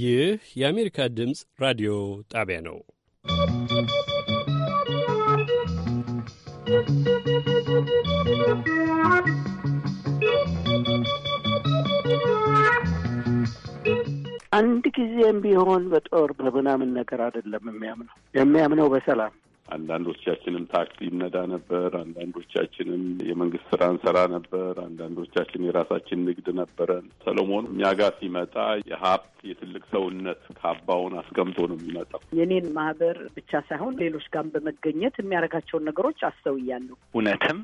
ይህ የአሜሪካ ድምፅ ራዲዮ ጣቢያ ነው። አንድ ጊዜም ቢሆን በጦር በምናምን ነገር አይደለም የሚያምነው የሚያምነው በሰላም አንዳንዶቻችንም ታክሲ ይነዳ ነበር። አንዳንዶቻችንም የመንግስት ስራ እንሰራ ነበር። አንዳንዶቻችን የራሳችን ንግድ ነበረን። ሰለሞን እኛ ጋር ሲመጣ የሀብት የትልቅ ሰውነት ካባውን አስቀምጦ ነው የሚመጣው። የኔን ማህበር ብቻ ሳይሆን ሌሎች ጋር በመገኘት የሚያደርጋቸውን ነገሮች አስተውያለሁ። እውነትም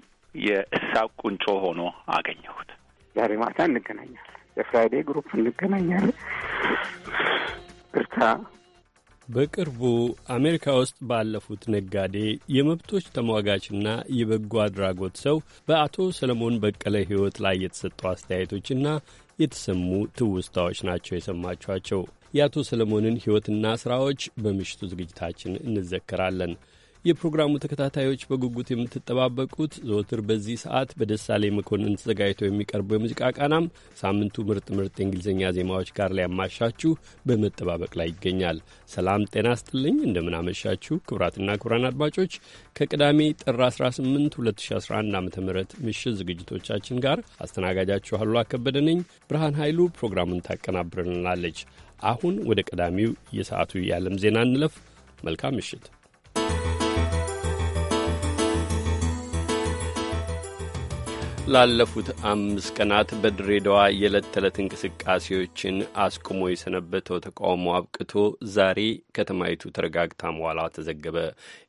የእሳ ቁንጮ ሆኖ አገኘሁት። ዛሬ ማታ እንገናኛለን። የፍራይዴ ግሩፕ እንገናኛለን። እርታ በቅርቡ አሜሪካ ውስጥ ባለፉት ነጋዴ የመብቶች ተሟጋችና የበጎ አድራጎት ሰው በአቶ ሰለሞን በቀለ ሕይወት ላይ የተሰጡ አስተያየቶችና የተሰሙ ትውስታዎች ናቸው የሰማችኋቸው። የአቶ ሰለሞንን ሕይወትና ሥራዎች በምሽቱ ዝግጅታችን እንዘከራለን። የፕሮግራሙ ተከታታዮች በጉጉት የምትጠባበቁት ዘወትር በዚህ ሰዓት በደሳለኝ መኮንን ተዘጋጅቶ የሚቀርበው የሙዚቃ ቃናም ሳምንቱ ምርጥ ምርጥ የእንግሊዝኛ ዜማዎች ጋር ሊያማሻችሁ በመጠባበቅ ላይ ይገኛል። ሰላም ጤና ስጥልኝ፣ እንደምናመሻችሁ ክቡራትና ክቡራን አድማጮች ከቅዳሜ ጥር 18 2011 ዓ ም ምሽት ዝግጅቶቻችን ጋር አስተናጋጃችሁ አሉ አከበደ ነኝ። ብርሃን ኃይሉ ፕሮግራሙን ታቀናብርልናለች። አሁን ወደ ቀዳሚው የሰዓቱ የዓለም ዜና እንለፍ። መልካም ምሽት። ላለፉት አምስት ቀናት በድሬዳዋ የዕለት ተዕለት እንቅስቃሴዎችን አስቁሞ የሰነበተው ተቃውሞ አብቅቶ ዛሬ ከተማይቱ ተረጋግታ መዋላ ተዘገበ።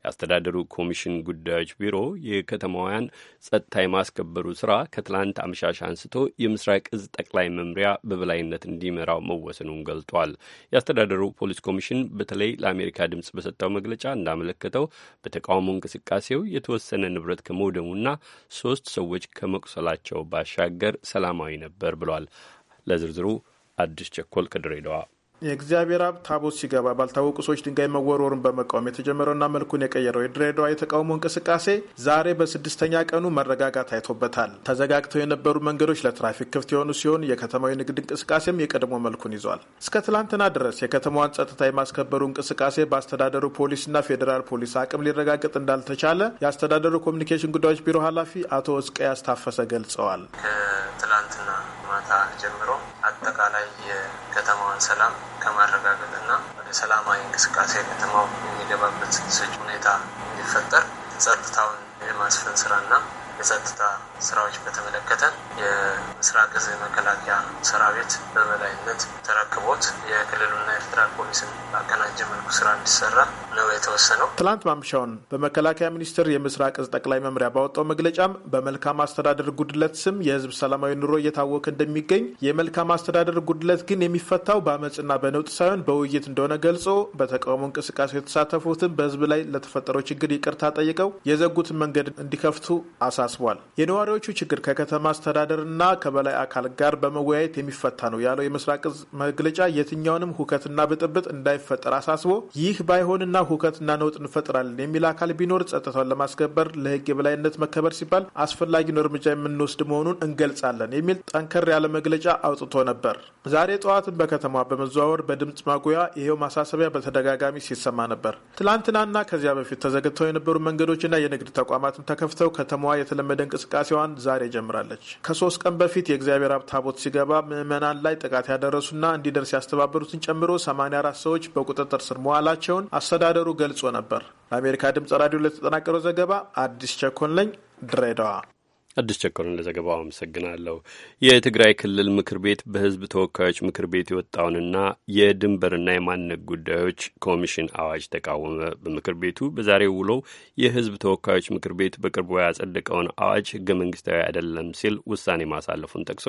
የአስተዳደሩ ኮሚሽን ጉዳዮች ቢሮ የከተማውያን ጸጥታ የማስከበሩ ስራ ከትላንት አመሻሽ አንስቶ የምስራቅ እዝ ጠቅላይ መምሪያ በበላይነት እንዲመራው መወሰኑን ገልጧል። የአስተዳደሩ ፖሊስ ኮሚሽን በተለይ ለአሜሪካ ድምፅ በሰጠው መግለጫ እንዳመለከተው በተቃውሞ እንቅስቃሴው የተወሰነ ንብረት ከመውደሙና ሶስት ሰዎች ከመ ከመቁሰላቸው ባሻገር ሰላማዊ ነበር ብሏል። ለዝርዝሩ አዲስ ቸኮል ከድሬዳዋ የእግዚአብሔር አብ ታቦት ሲገባ ባልታወቁ ሰዎች ድንጋይ መወርወሩን በመቃወም የተጀመረውና መልኩን የቀየረው የድሬዳዋ የተቃውሞ እንቅስቃሴ ዛሬ በስድስተኛ ቀኑ መረጋጋት አይቶበታል። ተዘጋግተው የነበሩ መንገዶች ለትራፊክ ክፍት የሆኑ ሲሆን የከተማዊ ንግድ እንቅስቃሴም የቀድሞ መልኩን ይዟል። እስከ ትላንትና ድረስ የከተማዋን ጸጥታ የማስከበሩ እንቅስቃሴ በአስተዳደሩ ፖሊስና ፌዴራል ፖሊስ አቅም ሊረጋገጥ እንዳልተቻለ የአስተዳደሩ ኮሚኒኬሽን ጉዳዮች ቢሮ ኃላፊ አቶ እስቀ ያስታፈሰ ገልጸዋል። ከትላንትና ማታ ጀምሮ አጠቃላይ የከተማዋን ሰላም ከማረጋገጥና ወደ ሰላማዊ እንቅስቃሴ ከተማው የሚገባበት ምቹ ሁኔታ እንዲፈጠር ጸጥታውን የማስፈን ስራና የጸጥታ ስራዎች በተመለከተ የምስራቅ እዝ መከላከያ ሰራዊት በበላይነት ተረክቦት የክልሉና ኤርትራ ፖሊስን በአቀናጀ መልኩ ስራ እንዲሰራ ነው የተወሰነው። ትላንት ማምሻውን በመከላከያ ሚኒስቴር የምስራቅ እዝ ጠቅላይ መምሪያ ባወጣው መግለጫም በመልካም አስተዳደር ጉድለት ስም የህዝብ ሰላማዊ ኑሮ እየታወከ እንደሚገኝ፣ የመልካም አስተዳደር ጉድለት ግን የሚፈታው በአመፅና በነውጥ ሳይሆን በውይይት እንደሆነ ገልጾ በተቃውሞ እንቅስቃሴ የተሳተፉትን በህዝብ ላይ ለተፈጠረው ችግር ይቅርታ ጠይቀው የዘጉትን መንገድ እንዲከፍቱ አሳ አሳስቧል። የነዋሪዎቹ ችግር ከከተማ አስተዳደርና ከበላይ አካል ጋር በመወያየት የሚፈታ ነው ያለው የምስራቅ መግለጫ የትኛውንም ሁከትና ብጥብጥ እንዳይፈጠር አሳስቦ ይህ ባይሆንና ሁከትና ነውጥ እንፈጥራለን የሚል አካል ቢኖር ጸጥታውን ለማስከበር ለህግ የበላይነት መከበር ሲባል አስፈላጊውን እርምጃ የምንወስድ መሆኑን እንገልጻለን የሚል ጠንከር ያለ መግለጫ አውጥቶ ነበር። ዛሬ ጠዋትን በከተማ በመዘዋወር በድምፅ ማጉያ ይሄው ማሳሰቢያ በተደጋጋሚ ሲሰማ ነበር። ትላንትናና ከዚያ በፊት ተዘግተው የነበሩ መንገዶችና የንግድ ተቋማትም ተከፍተው ከተማዋ የተ የተለመደ እንቅስቃሴዋን ዛሬ ጀምራለች። ከሶስት ቀን በፊት የእግዚአብሔር አብ ታቦት ሲገባ ምዕመናን ላይ ጥቃት ያደረሱና እንዲደርስ ያስተባበሩትን ጨምሮ 84 ሰዎች በቁጥጥር ስር መዋላቸውን አስተዳደሩ ገልጾ ነበር። ለአሜሪካ ድምጽ ራዲዮ ለተጠናቀረው ዘገባ አዲስ ቸኮን ለኝ ድሬዳዋ አዲስ ቸኮልን ለዘገባው አመሰግናለሁ። የትግራይ ክልል ምክር ቤት በህዝብ ተወካዮች ምክር ቤት የወጣውንና የድንበርና የማንነት ጉዳዮች ኮሚሽን አዋጅ ተቃወመ። በምክር ቤቱ በዛሬው ውሎ የህዝብ ተወካዮች ምክር ቤት በቅርቡ ያጸደቀውን አዋጅ ህገ መንግስታዊ አይደለም ሲል ውሳኔ ማሳለፉን ጠቅሶ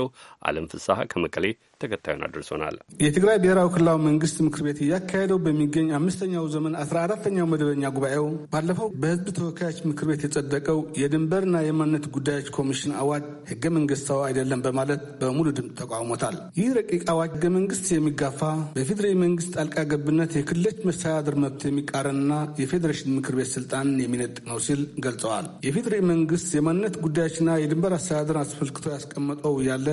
አለም ፍስሐ ከመቀሌ ተከታዩን አድርሶናል። የትግራይ ብሔራዊ ክልላዊ መንግስት ምክር ቤት እያካሄደው በሚገኝ አምስተኛው ዘመን አስራ አራተኛው መደበኛ ጉባኤው ባለፈው በህዝብ ተወካዮች ምክር ቤት የጸደቀው የድንበርና የማንነት ጉዳዮች ኮሚሽን አዋጅ ህገ መንግስታዊ አይደለም በማለት በሙሉ ድምፅ ተቃውሞታል። ይህ ረቂቅ አዋጅ ህገ መንግስት የሚጋፋ በፌዴራል መንግስት ጣልቃ ገብነት የክልሎች መስተዳድር መብት የሚቃረንና የፌዴሬሽን ምክር ቤት ስልጣንን የሚነጥቅ ነው ሲል ገልጸዋል። የፌዴራል መንግስት የማንነት ጉዳዮችና የድንበር አስተዳደር አስመልክቶ ያስቀመጠው ያለ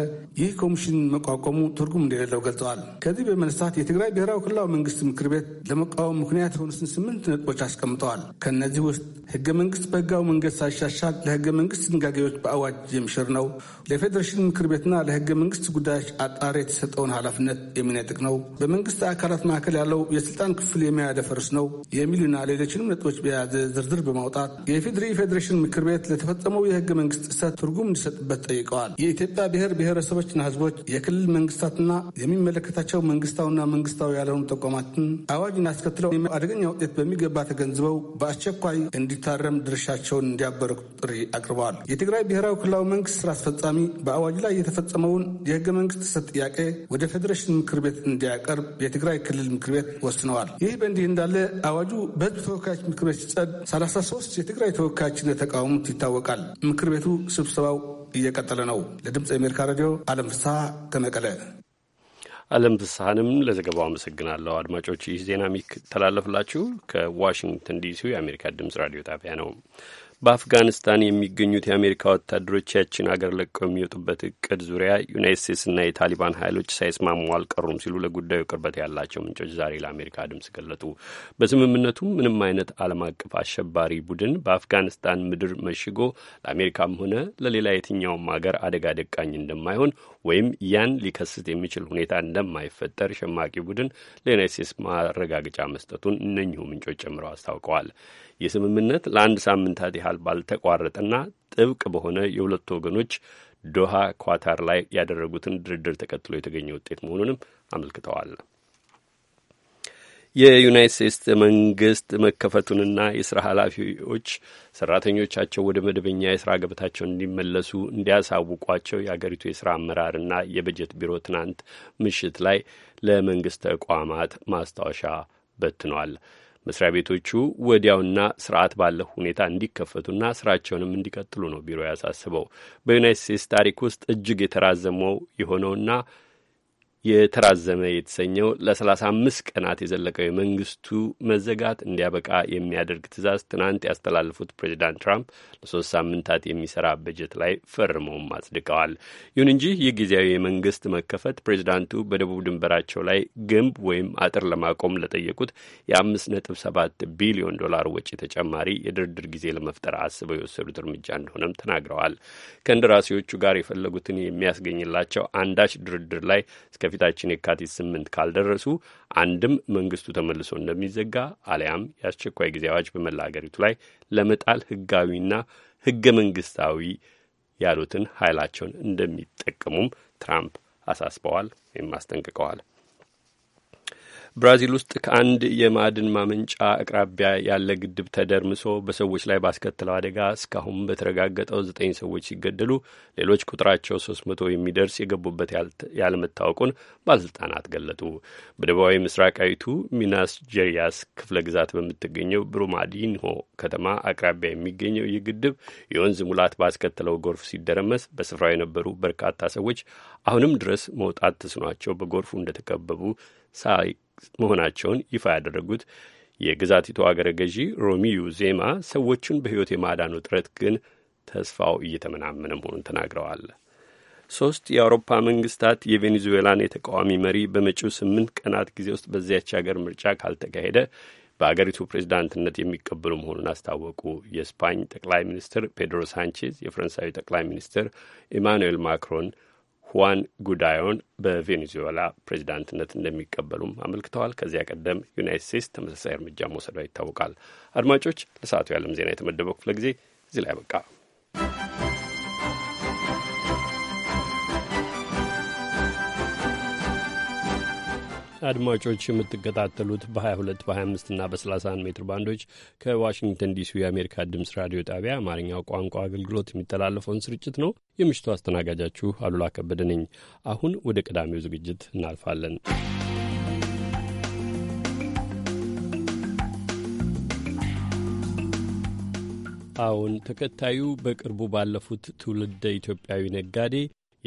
ይህ ኮሚሽን መቋቋሙ ትርጉም እንደሌለው ገልጸዋል። ከዚህ በመነሳት የትግራይ ብሔራዊ ክልላዊ መንግስት ምክር ቤት ለመቃወም ምክንያት የሆኑትን ስምንት ነጥቦች አስቀምጠዋል። ከእነዚህ ውስጥ ህገ መንግስት በህጋዊ መንገድ ሳይሻሻል ለህገ መንግስት ድንጋጌዎች አዋጅ የሚሽር ነው። ለፌዴሬሽን ምክር ቤትና ለህገ መንግስት ጉዳዮች አጣሪ የተሰጠውን ኃላፊነት የሚነጥቅ ነው። በመንግስት አካላት መካከል ያለው የስልጣን ክፍል የሚያደፈርስ ነው የሚሉና ሌሎችንም ነጥቦች በያዘ ዝርዝር በማውጣት የፌዴሪ ፌዴሬሽን ምክር ቤት ለተፈጸመው የህገ መንግስት ጥሰት ትርጉም እንዲሰጥበት ጠይቀዋል። የኢትዮጵያ ብሔር ብሔረሰቦችና ህዝቦች የክልል መንግስታትና የሚመለከታቸው መንግስታዊና መንግስታዊ ያልሆኑ ተቋማትን አዋጅን አስከትለው አደገኛ ውጤት በሚገባ ተገንዝበው በአስቸኳይ እንዲታረም ድርሻቸውን እንዲያበረኩ ጥሪ አቅርበዋል። የትግራይ ብሔር የብሔራዊ ክልላዊ መንግስት ስራ አስፈጻሚ በአዋጅ ላይ የተፈጸመውን የህገ መንግስት ጥሰት ጥያቄ ወደ ፌዴሬሽን ምክር ቤት እንዲያቀርብ የትግራይ ክልል ምክር ቤት ወስነዋል። ይህ በእንዲህ እንዳለ አዋጁ በህዝብ ተወካዮች ምክር ቤት ሲጸድ 33 የትግራይ ተወካዮችን የተቃወሙት ይታወቃል። ምክር ቤቱ ስብሰባው እየቀጠለ ነው። ለድምፅ የአሜሪካ ሬዲዮ አለም ፍስሐ ከመቀለ። አለም ፍስሐንም ለዘገባው አመሰግናለሁ። አድማጮች ይህ ዜና የሚተላለፍላችሁ ከዋሽንግተን ዲሲ የአሜሪካ ድምፅ ራዲዮ ጣቢያ ነው። በአፍጋኒስታን የሚገኙት የአሜሪካ ወታደሮች ያችን አገር ለቀው የሚወጡበት እቅድ ዙሪያ ዩናይት ስቴትስና የታሊባን ኃይሎች ሳይስማሙ አልቀሩም ሲሉ ለጉዳዩ ቅርበት ያላቸው ምንጮች ዛሬ ለአሜሪካ ድምጽ ገለጡ። በስምምነቱም ምንም አይነት ዓለም አቀፍ አሸባሪ ቡድን በአፍጋኒስታን ምድር መሽጎ ለአሜሪካም ሆነ ለሌላ የትኛውም አገር አደጋ ደቃኝ እንደማይሆን ወይም ያን ሊከስት የሚችል ሁኔታ እንደማይፈጠር ሸማቂ ቡድን ለዩናይት ስቴትስ ማረጋገጫ መስጠቱን እነኚሁ ምንጮች ጨምረው አስታውቀዋል። የስምምነት ለአንድ ሳምንታት ያህል ባልተቋረጠና ጥብቅ በሆነ የሁለቱ ወገኖች ዶሃ ኳታር ላይ ያደረጉትን ድርድር ተከትሎ የተገኘ ውጤት መሆኑንም አመልክተዋል። የዩናይት ስቴትስ መንግስት መከፈቱንና የስራ ኃላፊዎች ሰራተኞቻቸው ወደ መደበኛ የስራ ገበታቸውን እንዲመለሱ እንዲያሳውቋቸው የአገሪቱ የስራ አመራርና የበጀት ቢሮ ትናንት ምሽት ላይ ለመንግስት ተቋማት ማስታወሻ በትኗል። መስሪያ ቤቶቹ ወዲያውና ስርዓት ባለው ሁኔታ እንዲከፈቱና ስራቸውንም እንዲቀጥሉ ነው ቢሮ ያሳስበው። በዩናይት ስቴትስ ታሪክ ውስጥ እጅግ የተራዘመው የሆነውና የተራዘመ የተሰኘው ለ አምስት ቀናት የዘለቀው የመንግስቱ መዘጋት እንዲያበቃ የሚያደርግ ትእዛዝ ትናንት ያስተላለፉት ፕሬዚዳንት ትራምፕ ለሶስት ሳምንታት የሚሰራ በጀት ላይ ፈርመውም አጽድቀዋል። ይሁን እንጂ ይህ ጊዜያዊ የመንግስት መከፈት ፕሬዚዳንቱ በደቡብ ድንበራቸው ላይ ግንብ ወይም አጥር ለማቆም ለጠየቁት የአምስት ነጥብ ሰባት ቢሊዮን ዶላር ወጪ ተጨማሪ የድርድር ጊዜ ለመፍጠር አስበው የወሰዱት እርምጃ እንደሆነም ተናግረዋል። ከእንደራሴዎቹ ጋር የፈለጉትን የሚያስገኝላቸው አንዳች ድርድር ላይ እስከ የፊታችን የካቲት ስምንት ካልደረሱ አንድም መንግስቱ ተመልሶ እንደሚዘጋ አሊያም የአስቸኳይ ጊዜ አዋጅ በመላ አገሪቱ ላይ ለመጣል ህጋዊና ህገ መንግስታዊ ያሉትን ኃይላቸውን እንደሚጠቀሙም ትራምፕ አሳስበዋል ወይም አስጠንቅቀዋል። ብራዚል ውስጥ ከአንድ የማዕድን ማመንጫ አቅራቢያ ያለ ግድብ ተደርምሶ በሰዎች ላይ ባስከተለው አደጋ እስካሁን በተረጋገጠው ዘጠኝ ሰዎች ሲገደሉ ሌሎች ቁጥራቸው ሶስት መቶ የሚደርስ የገቡበት ያለመታወቁን ባለስልጣናት ገለጡ። በደቡባዊ ምስራቃዊቱ ሚናስ ጀሪያስ ክፍለ ግዛት በምትገኘው ብሩማዲንሆ ከተማ አቅራቢያ የሚገኘው ይህ ግድብ የወንዝ ሙላት ባስከተለው ጎርፍ ሲደረመስ በስፍራው የነበሩ በርካታ ሰዎች አሁንም ድረስ መውጣት ተስኗቸው በጎርፉ እንደተከበቡ መሆናቸውን ይፋ ያደረጉት የግዛቲቱ አገረ ገዢ ሮሚዩ ዜማ ሰዎቹን በሕይወት የማዳኑ ጥረት ግን ተስፋው እየተመናመነ መሆኑን ተናግረዋል። ሶስት የአውሮፓ መንግስታት የቬኔዙዌላን የተቃዋሚ መሪ በመጪው ስምንት ቀናት ጊዜ ውስጥ በዚያች ሀገር ምርጫ ካልተካሄደ በአገሪቱ ፕሬዚዳንትነት የሚቀበሉ መሆኑን አስታወቁ። የስፓኝ ጠቅላይ ሚኒስትር ፔድሮ ሳንቼዝ፣ የፈረንሳዊ ጠቅላይ ሚኒስትር ኢማኑኤል ማክሮን ሁዋን ጉዳዮን በቬኔዙዌላ ፕሬዚዳንትነት እንደሚቀበሉም አመልክተዋል። ከዚያ ቀደም ዩናይት ስቴትስ ተመሳሳይ እርምጃ መውሰዷ ይታወቃል። አድማጮች፣ ለሰዓቱ የዓለም ዜና የተመደበው ክፍለ ጊዜ እዚህ ላይ you. አድማጮች የምትከታተሉት በ22 በ25 እና በ31 ሜትር ባንዶች ከዋሽንግተን ዲሲ የአሜሪካ ድምፅ ራዲዮ ጣቢያ አማርኛው ቋንቋ አገልግሎት የሚተላለፈውን ስርጭት ነው። የምሽቱ አስተናጋጃችሁ አሉላ ከበደ ነኝ። አሁን ወደ ቀዳሚው ዝግጅት እናልፋለን። አሁን ተከታዩ በቅርቡ ባለፉት ትውልደ ኢትዮጵያዊ ነጋዴ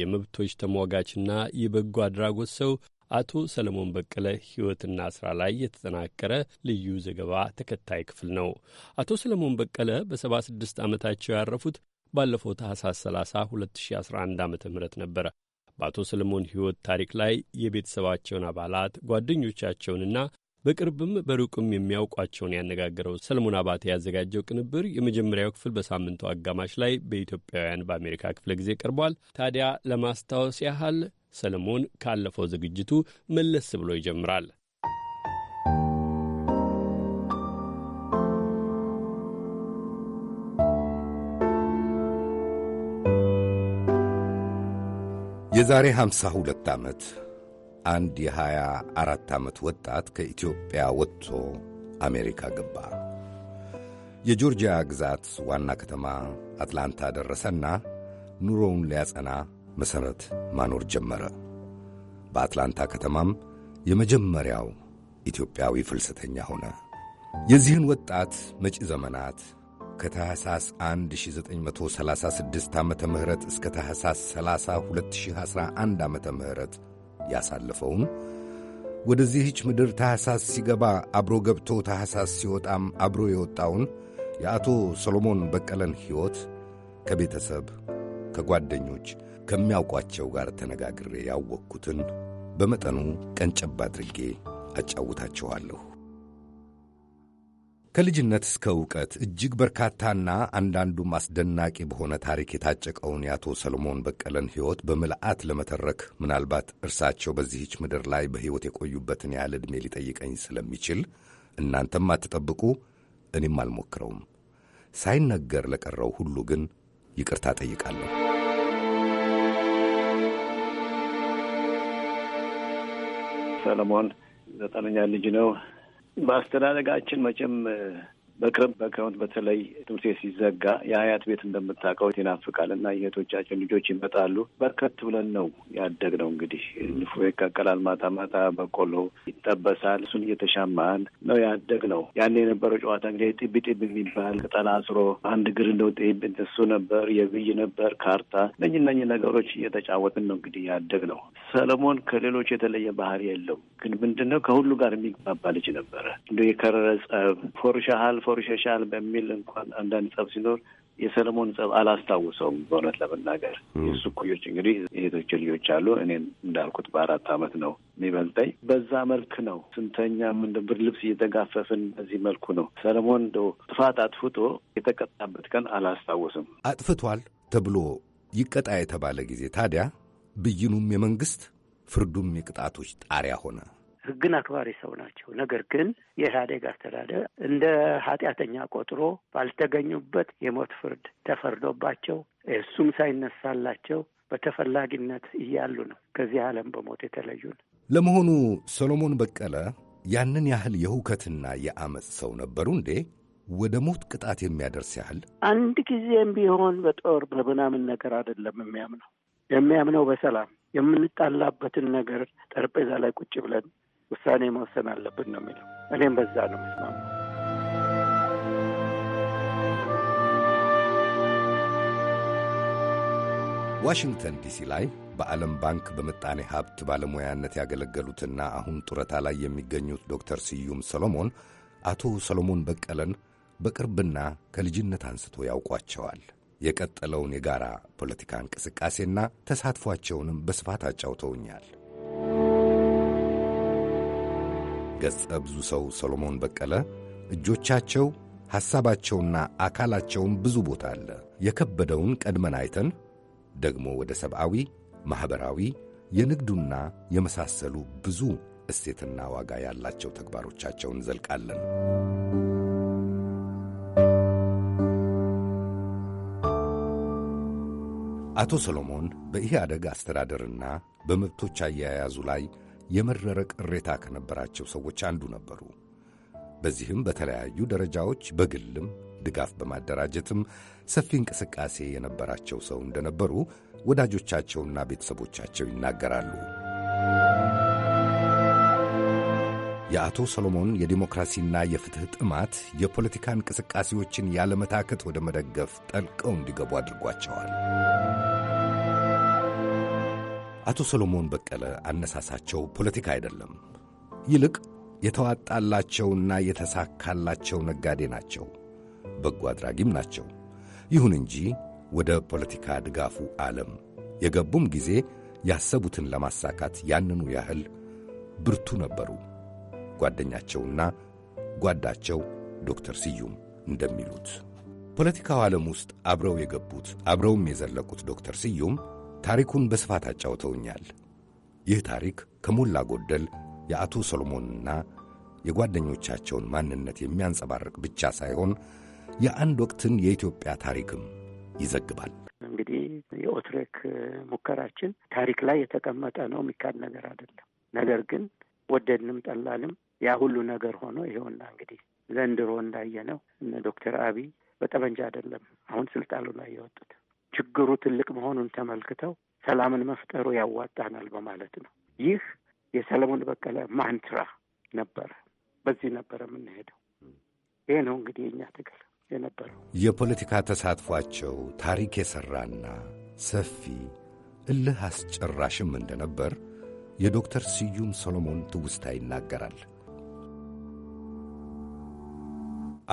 የመብቶች ተሟጋችና የበጎ አድራጎት ሰው አቶ ሰለሞን በቀለ ሕይወትና ሥራ ላይ የተጠናቀረ ልዩ ዘገባ ተከታይ ክፍል ነው። አቶ ሰለሞን በቀለ በ76 ዓመታቸው ያረፉት ባለፈው ታህሳስ 30 2011 ዓ ም ነበረ። በአቶ ሰለሞን ሕይወት ታሪክ ላይ የቤተሰባቸውን አባላት ጓደኞቻቸውንና በቅርብም በሩቅም የሚያውቋቸውን ያነጋገረው ሰለሞን አባቴ ያዘጋጀው ቅንብር የመጀመሪያው ክፍል በሳምንቱ አጋማሽ ላይ በኢትዮጵያውያን በአሜሪካ ክፍለ ጊዜ ቀርቧል። ታዲያ ለማስታወስ ያህል ሰለሞን ካለፈው ዝግጅቱ መለስ ብሎ ይጀምራል። የዛሬ 52 ዓመት አንድ የ 24 ዓመት ወጣት ከኢትዮጵያ ወጥቶ አሜሪካ ገባ። የጆርጂያ ግዛት ዋና ከተማ አትላንታ ደረሰና ኑሮውን ሊያጸና መሠረት ማኖር ጀመረ። በአትላንታ ከተማም የመጀመሪያው ኢትዮጵያዊ ፍልሰተኛ ሆነ። የዚህን ወጣት መጪ ዘመናት ከታሕሳስ 1936 ዓ ም እስከ ታሕሳስ 30 2011 ዓ ም ያሳለፈውን ወደዚህች ምድር ታሕሳስ ሲገባ አብሮ ገብቶ ታሕሳስ ሲወጣም አብሮ የወጣውን የአቶ ሰሎሞን በቀለን ሕይወት ከቤተሰብ ከጓደኞች ከሚያውቋቸው ጋር ተነጋግሬ ያወቅኩትን በመጠኑ ቀንጨብ አድርጌ አጫውታችኋለሁ። ከልጅነት እስከ ዕውቀት እጅግ በርካታና አንዳንዱም አስደናቂ በሆነ ታሪክ የታጨቀውን የአቶ ሰሎሞን በቀለን ሕይወት በምልአት ለመተረክ ምናልባት እርሳቸው በዚህች ምድር ላይ በሕይወት የቆዩበትን ያህል ዕድሜ ሊጠይቀኝ ስለሚችል እናንተም አትጠብቁ፣ እኔም አልሞክረውም። ሳይነገር ለቀረው ሁሉ ግን ይቅርታ ጠይቃለሁ። ሰለሞን ዘጠነኛ ልጅ ነው። በአስተዳደጋችን መቼም በቅርብ በክረምት በተለይ ትምህርት ቤት ሲዘጋ የአያት ቤት እንደምታውቀው ይናፍቃል እና የእህቶቻችን ልጆች ይመጣሉ። በርከት ብለን ነው ያደግ ነው እንግዲህ ንፎ ይቀቀላል፣ ማታ ማታ በቆሎ ይጠበሳል። እሱን እየተሻማን ነው ያደግ ነው ያኔ የነበረው ጨዋታ እንግዲህ ጢቢ ጢብ የሚባል ቅጠል አስሮ አንድ እግር እንደው ጢብ እሱ ነበር፣ የብይ ነበር፣ ካርታ እነኝ እነኝ ነገሮች እየተጫወትን ነው እንግዲህ ነው። ሰለሞን ከሌሎች የተለየ ባህሪ የለው፣ ግን ምንድነው ከሁሉ ጋር የሚግባባ ልጅ ነበረ። እንደ የከረረ ጸብ ፎርሻሃል ፎር ይሸሻል በሚል እንኳን አንዳንድ ጸብ ሲኖር የሰለሞን ጸብ አላስታውሰውም። በእውነት ለመናገር የእሱ እኩዮች እንግዲህ እህቶች ልጆች አሉ። እኔን እንዳልኩት በአራት አመት ነው የሚበልጠኝ። በዛ መልክ ነው ስንተኛ ምን ልብስ እየተጋፈፍን በዚህ መልኩ ነው ሰለሞን እንደው ጥፋት አጥፍቶ የተቀጣበት ቀን አላስታውስም። አጥፍቷል ተብሎ ይቀጣ የተባለ ጊዜ ታዲያ ብይኑም የመንግስት ፍርዱም የቅጣቶች ጣሪያ ሆነ። ህግን አክባሪ ሰው ናቸው። ነገር ግን የኢህአዴግ አስተዳደር እንደ ኃጢአተኛ ቆጥሮ ባልተገኙበት የሞት ፍርድ ተፈርዶባቸው እሱም ሳይነሳላቸው በተፈላጊነት እያሉ ነው ከዚህ ዓለም በሞት የተለዩን። ለመሆኑ ሰሎሞን በቀለ ያንን ያህል የሁከትና የአመፅ ሰው ነበሩ እንዴ? ወደ ሞት ቅጣት የሚያደርስ ያህል አንድ ጊዜም ቢሆን በጦር በምናምን ነገር አይደለም የሚያምነው የሚያምነው በሰላም የምንጣላበትን ነገር ጠረጴዛ ላይ ቁጭ ብለን ውሳኔ መውሰን አለብን ነው የሚለው። እኔም በዛ ነው መስማማ። ዋሽንግተን ዲሲ ላይ በዓለም ባንክ በምጣኔ ሀብት ባለሙያነት ያገለገሉትና አሁን ጡረታ ላይ የሚገኙት ዶክተር ስዩም ሰሎሞን አቶ ሰሎሞን በቀለን በቅርብና ከልጅነት አንስቶ ያውቋቸዋል። የቀጠለውን የጋራ ፖለቲካ እንቅስቃሴና ተሳትፏቸውንም በስፋት አጫውተውኛል። ገጸ ብዙ ሰው ሰሎሞን በቀለ እጆቻቸው ሐሳባቸውና አካላቸውን ብዙ ቦታ አለ። የከበደውን ቀድመን አይተን ደግሞ ወደ ሰብዓዊ፣ ማኅበራዊ፣ የንግዱና የመሳሰሉ ብዙ እሴትና ዋጋ ያላቸው ተግባሮቻቸውን ዘልቃለን። አቶ ሰሎሞን በኢህአደግ አስተዳደርና በመብቶች አያያዙ ላይ የመረረ ቅሬታ ከነበራቸው ሰዎች አንዱ ነበሩ። በዚህም በተለያዩ ደረጃዎች በግልም ድጋፍ በማደራጀትም ሰፊ እንቅስቃሴ የነበራቸው ሰው እንደነበሩ ወዳጆቻቸውና ቤተሰቦቻቸው ይናገራሉ። የአቶ ሰሎሞን የዲሞክራሲና የፍትሕ ጥማት የፖለቲካ እንቅስቃሴዎችን ያለመታከት ወደ መደገፍ ጠልቀው እንዲገቡ አድርጓቸዋል። አቶ ሰሎሞን በቀለ አነሳሳቸው ፖለቲካ አይደለም፣ ይልቅ የተዋጣላቸውና የተሳካላቸው ነጋዴ ናቸው፣ በጎ አድራጊም ናቸው። ይሁን እንጂ ወደ ፖለቲካ ድጋፉ ዓለም የገቡም ጊዜ ያሰቡትን ለማሳካት ያንኑ ያህል ብርቱ ነበሩ። ጓደኛቸውና ጓዳቸው ዶክተር ስዩም እንደሚሉት ፖለቲካው ዓለም ውስጥ አብረው የገቡት አብረውም የዘለቁት ዶክተር ስዩም ታሪኩን በስፋት አጫውተውኛል። ይህ ታሪክ ከሞላ ጎደል የአቶ ሰሎሞንና የጓደኞቻቸውን ማንነት የሚያንጸባርቅ ብቻ ሳይሆን የአንድ ወቅትን የኢትዮጵያ ታሪክም ይዘግባል። እንግዲህ የኦትሬክ ሙከራችን ታሪክ ላይ የተቀመጠ ነው፣ የሚካድ ነገር አይደለም። ነገር ግን ወደድንም ጠላንም ያ ሁሉ ነገር ሆኖ ይሄውና እንግዲህ ዘንድሮ እንዳየነው እነ ዶክተር አብይ በጠመንጃ አይደለም አሁን ስልጣኑ ላይ የወጡት ችግሩ ትልቅ መሆኑን ተመልክተው ሰላምን መፍጠሩ ያዋጣናል በማለት ነው። ይህ የሰለሞን በቀለ ማንትራ ነበረ። በዚህ ነበረ የምንሄደው። ይሄ ነው እንግዲህ የእኛ ትግል የነበረው። የፖለቲካ ተሳትፏቸው ታሪክ የሠራና ሰፊ እልህ አስጨራሽም እንደነበር የዶክተር ስዩም ሰሎሞን ትውስታ ይናገራል።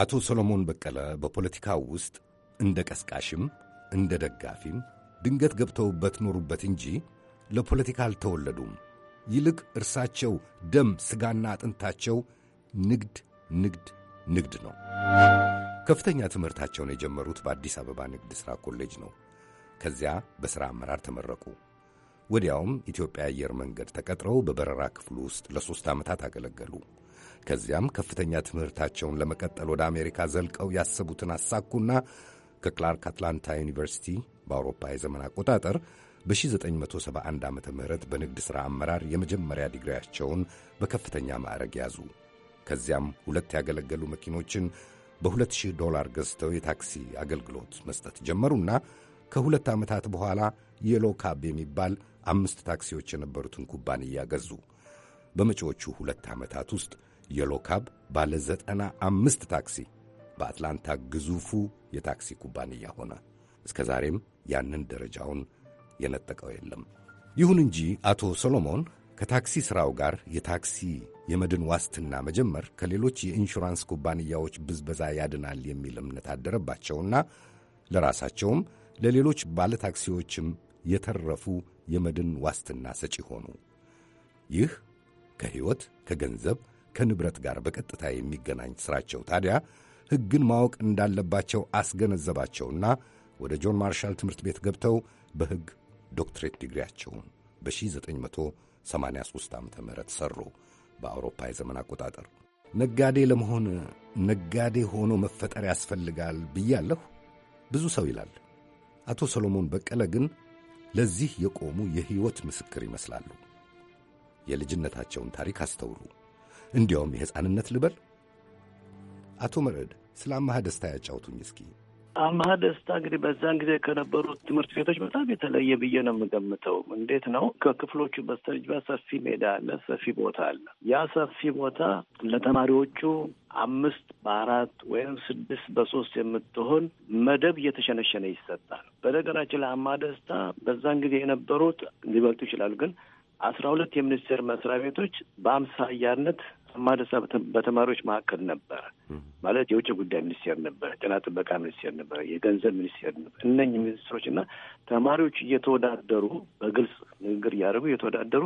አቶ ሰሎሞን በቀለ በፖለቲካው ውስጥ እንደ ቀስቃሽም እንደ ደጋፊም ድንገት ገብተውበት ኖሩበት እንጂ ለፖለቲካ አልተወለዱም። ይልቅ እርሳቸው ደም ሥጋና አጥንታቸው ንግድ ንግድ ንግድ ነው። ከፍተኛ ትምህርታቸውን የጀመሩት በአዲስ አበባ ንግድ ሥራ ኮሌጅ ነው። ከዚያ በሥራ አመራር ተመረቁ። ወዲያውም ኢትዮጵያ አየር መንገድ ተቀጥረው በበረራ ክፍሉ ውስጥ ለሦስት ዓመታት አገለገሉ። ከዚያም ከፍተኛ ትምህርታቸውን ለመቀጠል ወደ አሜሪካ ዘልቀው ያሰቡትን አሳኩና ከክላርክ አትላንታ ዩኒቨርሲቲ በአውሮፓ የዘመን አቆጣጠር በ1971 ዓ ም በንግድ ሥራ አመራር የመጀመሪያ ዲግሪያቸውን በከፍተኛ ማዕረግ ያዙ። ከዚያም ሁለት ያገለገሉ መኪኖችን በ2000 ዶላር ገዝተው የታክሲ አገልግሎት መስጠት ጀመሩና ከሁለት ዓመታት በኋላ የሎ ካብ የሚባል አምስት ታክሲዎች የነበሩትን ኩባንያ ገዙ። በመጪዎቹ ሁለት ዓመታት ውስጥ የሎ ካብ ባለ ዘጠና አምስት ታክሲ በአትላንታ ግዙፉ የታክሲ ኩባንያ ሆነ። እስከ ዛሬም ያንን ደረጃውን የነጠቀው የለም። ይሁን እንጂ አቶ ሰሎሞን ከታክሲ ሥራው ጋር የታክሲ የመድን ዋስትና መጀመር ከሌሎች የኢንሹራንስ ኩባንያዎች ብዝበዛ ያድናል የሚል እምነት አደረባቸውና ለራሳቸውም ለሌሎች ባለታክሲዎችም የተረፉ የመድን ዋስትና ሰጪ ሆኑ። ይህ ከሕይወት ከገንዘብ ከንብረት ጋር በቀጥታ የሚገናኝ ሥራቸው ታዲያ ሕግን ማወቅ እንዳለባቸው አስገነዘባቸውና ወደ ጆን ማርሻል ትምህርት ቤት ገብተው በሕግ ዶክትሬት ዲግሪያቸውን በ1983 ዓ ም ሠሩ። በአውሮፓ የዘመን አቆጣጠር ነጋዴ ለመሆን ነጋዴ ሆኖ መፈጠር ያስፈልጋል ብያለሁ ብዙ ሰው ይላል። አቶ ሰሎሞን በቀለ ግን ለዚህ የቆሙ የሕይወት ምስክር ይመስላሉ። የልጅነታቸውን ታሪክ አስተውሉ፣ እንዲያውም የሕፃንነት ልበል አቶ መረድ ስለ አማሃ ደስታ ያጫውቱኝ እስኪ። አመሀ ደስታ እንግዲህ በዛን ጊዜ ከነበሩት ትምህርት ቤቶች በጣም የተለየ ብዬ ነው የምገምተው። እንዴት ነው? ከክፍሎቹ በስተጀርባ ሰፊ ሜዳ አለ፣ ሰፊ ቦታ አለ። ያ ሰፊ ቦታ ለተማሪዎቹ አምስት በአራት ወይም ስድስት በሶስት የምትሆን መደብ እየተሸነሸነ ይሰጣል። በነገራችን ላይ ደስታ በዛን ጊዜ የነበሩት ሊበልጡ ይችላሉ፣ ግን አስራ ሁለት የሚኒስቴር መስሪያ ቤቶች በአምሳያነት ማደ በተማሪዎች መካከል ነበረ ማለት የውጭ ጉዳይ ሚኒስቴር ነበረ፣ ጤና ጥበቃ ሚኒስቴር ነበረ፣ የገንዘብ ሚኒስቴር ነበረ። እነኝህ ሚኒስትሮች እና ተማሪዎች እየተወዳደሩ በግልጽ ንግግር እያደረጉ እየተወዳደሩ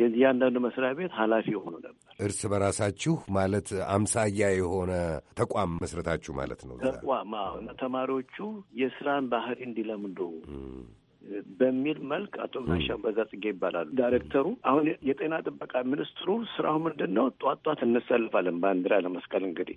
የእያንዳንዱ መስሪያ ቤት ኃላፊ የሆኑ ነበር። እርስ በራሳችሁ ማለት አምሳያ የሆነ ተቋም መስረታችሁ ማለት ነው። ተቋም ተማሪዎቹ የስራን ባህሪ እንዲለምዱ በሚል መልክ አቶ በዛ ጽጌ ይባላሉ ዳይሬክተሩ። አሁን የጤና ጥበቃ ሚኒስትሩ ስራው ምንድን ነው? ጧት ጧት እንሰልፋለን ባንዲራ ለመስቀል እንግዲህ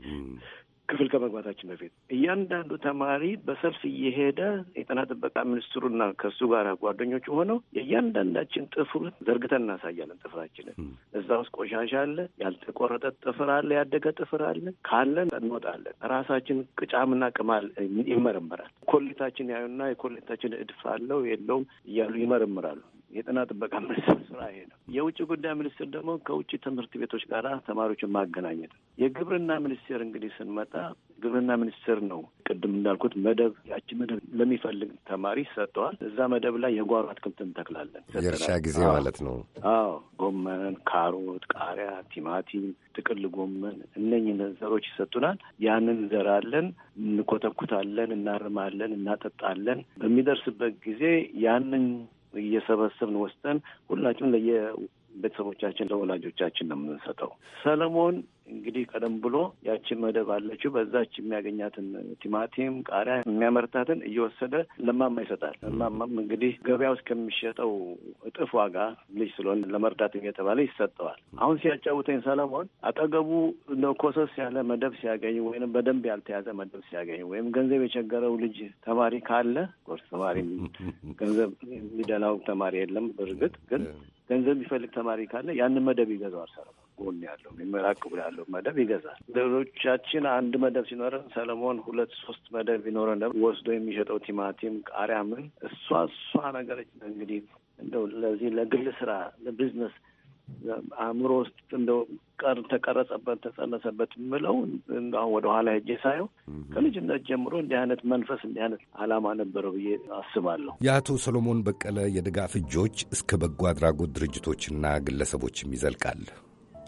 ክፍል ከመግባታችን በፊት እያንዳንዱ ተማሪ በሰልፍ እየሄደ የጤና ጥበቃ ሚኒስትሩና ከሱ ጋር ጓደኞቹ ሆነው የእያንዳንዳችን ጥፍር ዘርግተን እናሳያለን። ጥፍራችንን እዛ ውስጥ ቆሻሻ አለ፣ ያልተቆረጠ ጥፍር አለ፣ ያደገ ጥፍር አለ። ካለን እንወጣለን። ራሳችን ቅጫምና ቅማል ይመረምራል። ኮሌታችን ያዩና የኮሌታችን እድፍ አለው የለውም እያሉ ይመረምራሉ። የጤና ጥበቃ ሚኒስትር ስራ ይሄ ነው። የውጭ ጉዳይ ሚኒስትር ደግሞ ከውጭ ትምህርት ቤቶች ጋር ተማሪዎችን ማገናኘት። የግብርና ሚኒስቴር እንግዲህ ስንመጣ ግብርና ሚኒስቴር ነው ቅድም እንዳልኩት መደብ፣ ያቺ መደብ ለሚፈልግ ተማሪ ሰጥተዋል። እዛ መደብ ላይ የጓሮ አትክልት እንተክላለን። የእርሻ ጊዜ ማለት ነው። አዎ፣ ጎመን፣ ካሮት፣ ቃሪያ፣ ቲማቲም፣ ጥቅል ጎመን እነኝህ ዘሮች ይሰጡናል። ያንን ዘራለን፣ እንኮተኩታለን፣ እናርማለን፣ እናጠጣለን። በሚደርስበት ጊዜ ያንን እየሰበሰብን ወስደን ሁላችሁም ለየ ቤተሰቦቻችን ለወላጆቻችን ነው የምንሰጠው። ሰለሞን እንግዲህ ቀደም ብሎ ያችን መደብ አለችው በዛች የሚያገኛትን ቲማቲም፣ ቃሪያ የሚያመርታትን እየወሰደ ለማማ ይሰጣል። ለማማም እንግዲህ ገበያ ውስጥ ከሚሸጠው እጥፍ ዋጋ ልጅ ስለሆን ለመርዳት እየተባለ ይሰጠዋል። አሁን ሲያጫውተኝ ሰለሞን አጠገቡ ኮሰስ ያለ መደብ ሲያገኝ ወይም በደንብ ያልተያዘ መደብ ሲያገኝ ወይም ገንዘብ የቸገረው ልጅ ተማሪ ካለ ተማሪ ገንዘብ የሚደላው ተማሪ የለም። በእርግጥ ግን ገንዘብ የሚፈልግ ተማሪ ካለ ያንን መደብ ይገዛዋል። ሰለሞን ጎን ያለው የሚመራቅ ብሎ ያለው መደብ ይገዛል። ሌሎቻችን አንድ መደብ ሲኖረን ሰለሞን ሁለት ሶስት መደብ ይኖረን ወስዶ የሚሸጠው ቲማቲም፣ ቃሪያ ምን እሷ እሷ ነገሮች እንግዲህ እንደው ለዚህ ለግል ስራ ለቢዝነስ አእምሮ ውስጥ እንደው ቀር ተቀረጸበት ተጸነሰበት የምለው አሁን ወደ ኋላ ሄጄ ሳየው ከልጅነት ጀምሮ እንዲህ አይነት መንፈስ እንዲህ አይነት ዓላማ ነበረው ብዬ አስባለሁ። የአቶ ሰሎሞን በቀለ የድጋፍ እጆች እስከ በጎ አድራጎት ድርጅቶችና ግለሰቦችም ይዘልቃል።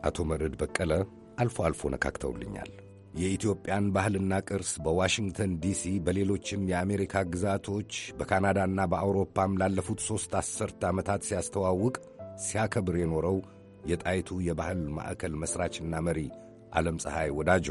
አቶ መርዕድ በቀለ አልፎ አልፎ ነካክተውልኛል። የኢትዮጵያን ባህልና ቅርስ በዋሽንግተን ዲሲ በሌሎችም የአሜሪካ ግዛቶች በካናዳና በአውሮፓም ላለፉት ሦስት አስርት ዓመታት ሲያስተዋውቅ ሲያከብር የኖረው የጣይቱ የባህል ማዕከል መሥራችና መሪ ዓለም ፀሐይ ወዳጆ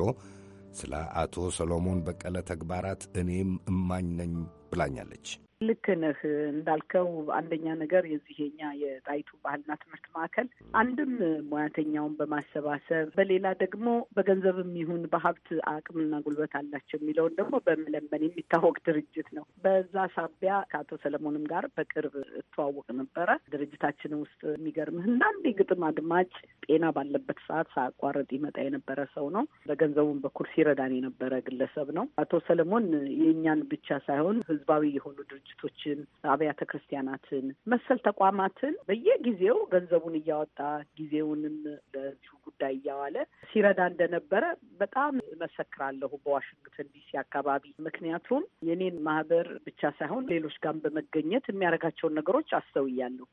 ስለ አቶ ሰሎሞን በቀለ ተግባራት እኔም እማኝ ነኝ ብላኛለች። ልክ ነህ እንዳልከው፣ አንደኛ ነገር የዚህ የኛ የጣይቱ ባህልና ትምህርት ማዕከል አንድም ሙያተኛውን በማሰባሰብ በሌላ ደግሞ በገንዘብም ይሁን በሀብት አቅምና ጉልበት አላቸው የሚለውን ደግሞ በመለመን የሚታወቅ ድርጅት ነው። በዛ ሳቢያ ከአቶ ሰለሞንም ጋር በቅርብ እተዋወቅ ነበረ። ድርጅታችን ውስጥ የሚገርምህ አንድ የግጥም አድማጭ ጤና ባለበት ሰዓት ሳያቋርጥ ይመጣ የነበረ ሰው ነው። በገንዘቡም በኩል ሲረዳን የነበረ ግለሰብ ነው። አቶ ሰለሞን የእኛን ብቻ ሳይሆን ህዝባዊ የሆኑ ድርጅ ድርጅቶችን፣ አብያተ ክርስቲያናትን መሰል ተቋማትን በየጊዜው ገንዘቡን እያወጣ ጊዜውንም በዚሁ ጉዳይ እያዋለ ሲረዳ እንደነበረ በጣም እመሰክራለሁ በዋሽንግተን ዲሲ አካባቢ። ምክንያቱም የኔን ማህበር ብቻ ሳይሆን ሌሎች ጋር በመገኘት የሚያደርጋቸውን ነገሮች አስተውያለሁ።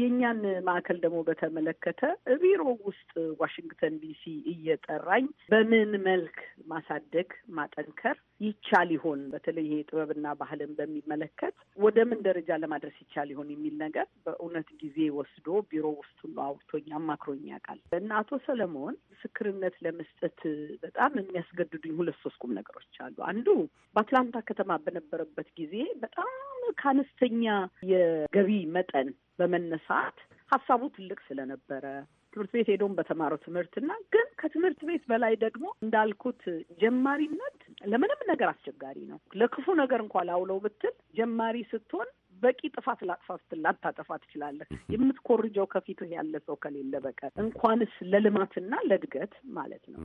የእኛን ማዕከል ደግሞ በተመለከተ ቢሮ ውስጥ ዋሽንግተን ዲሲ እየጠራኝ በምን መልክ ማሳደግ ማጠንከር ይቻል ይሆን፣ በተለይ ይሄ ጥበብና ባህልን በሚመለከት ወደ ምን ደረጃ ለማድረስ ይቻል ይሆን የሚል ነገር በእውነት ጊዜ ወስዶ ቢሮ ውስጥ ሁሉ አውርቶኝ አማክሮኝ ያውቃል እና አቶ ሰለሞን ምስክርነት ለመስጠት በጣም የሚያስገድዱኝ ሁለት ሶስት ቁም ነገሮች አሉ። አንዱ በአትላንታ ከተማ በነበረበት ጊዜ በጣም ከአነስተኛ የገቢ መጠን በመነሳት ሀሳቡ ትልቅ ስለነበረ ትምህርት ቤት ሄዶም በተማረው ትምህርትና ግን ከትምህርት ቤት በላይ ደግሞ እንዳልኩት ጀማሪነት ለምንም ነገር አስቸጋሪ ነው። ለክፉ ነገር እንኳ ላውለው ብትል ጀማሪ ስትሆን በቂ ጥፋት ላጥፋ ስትል ላታጠፋ ትችላለህ። የምትኮርጀው ከፊትህ ያለ ሰው ከሌለ በቀር እንኳንስ ለልማትና ለእድገት ማለት ነው።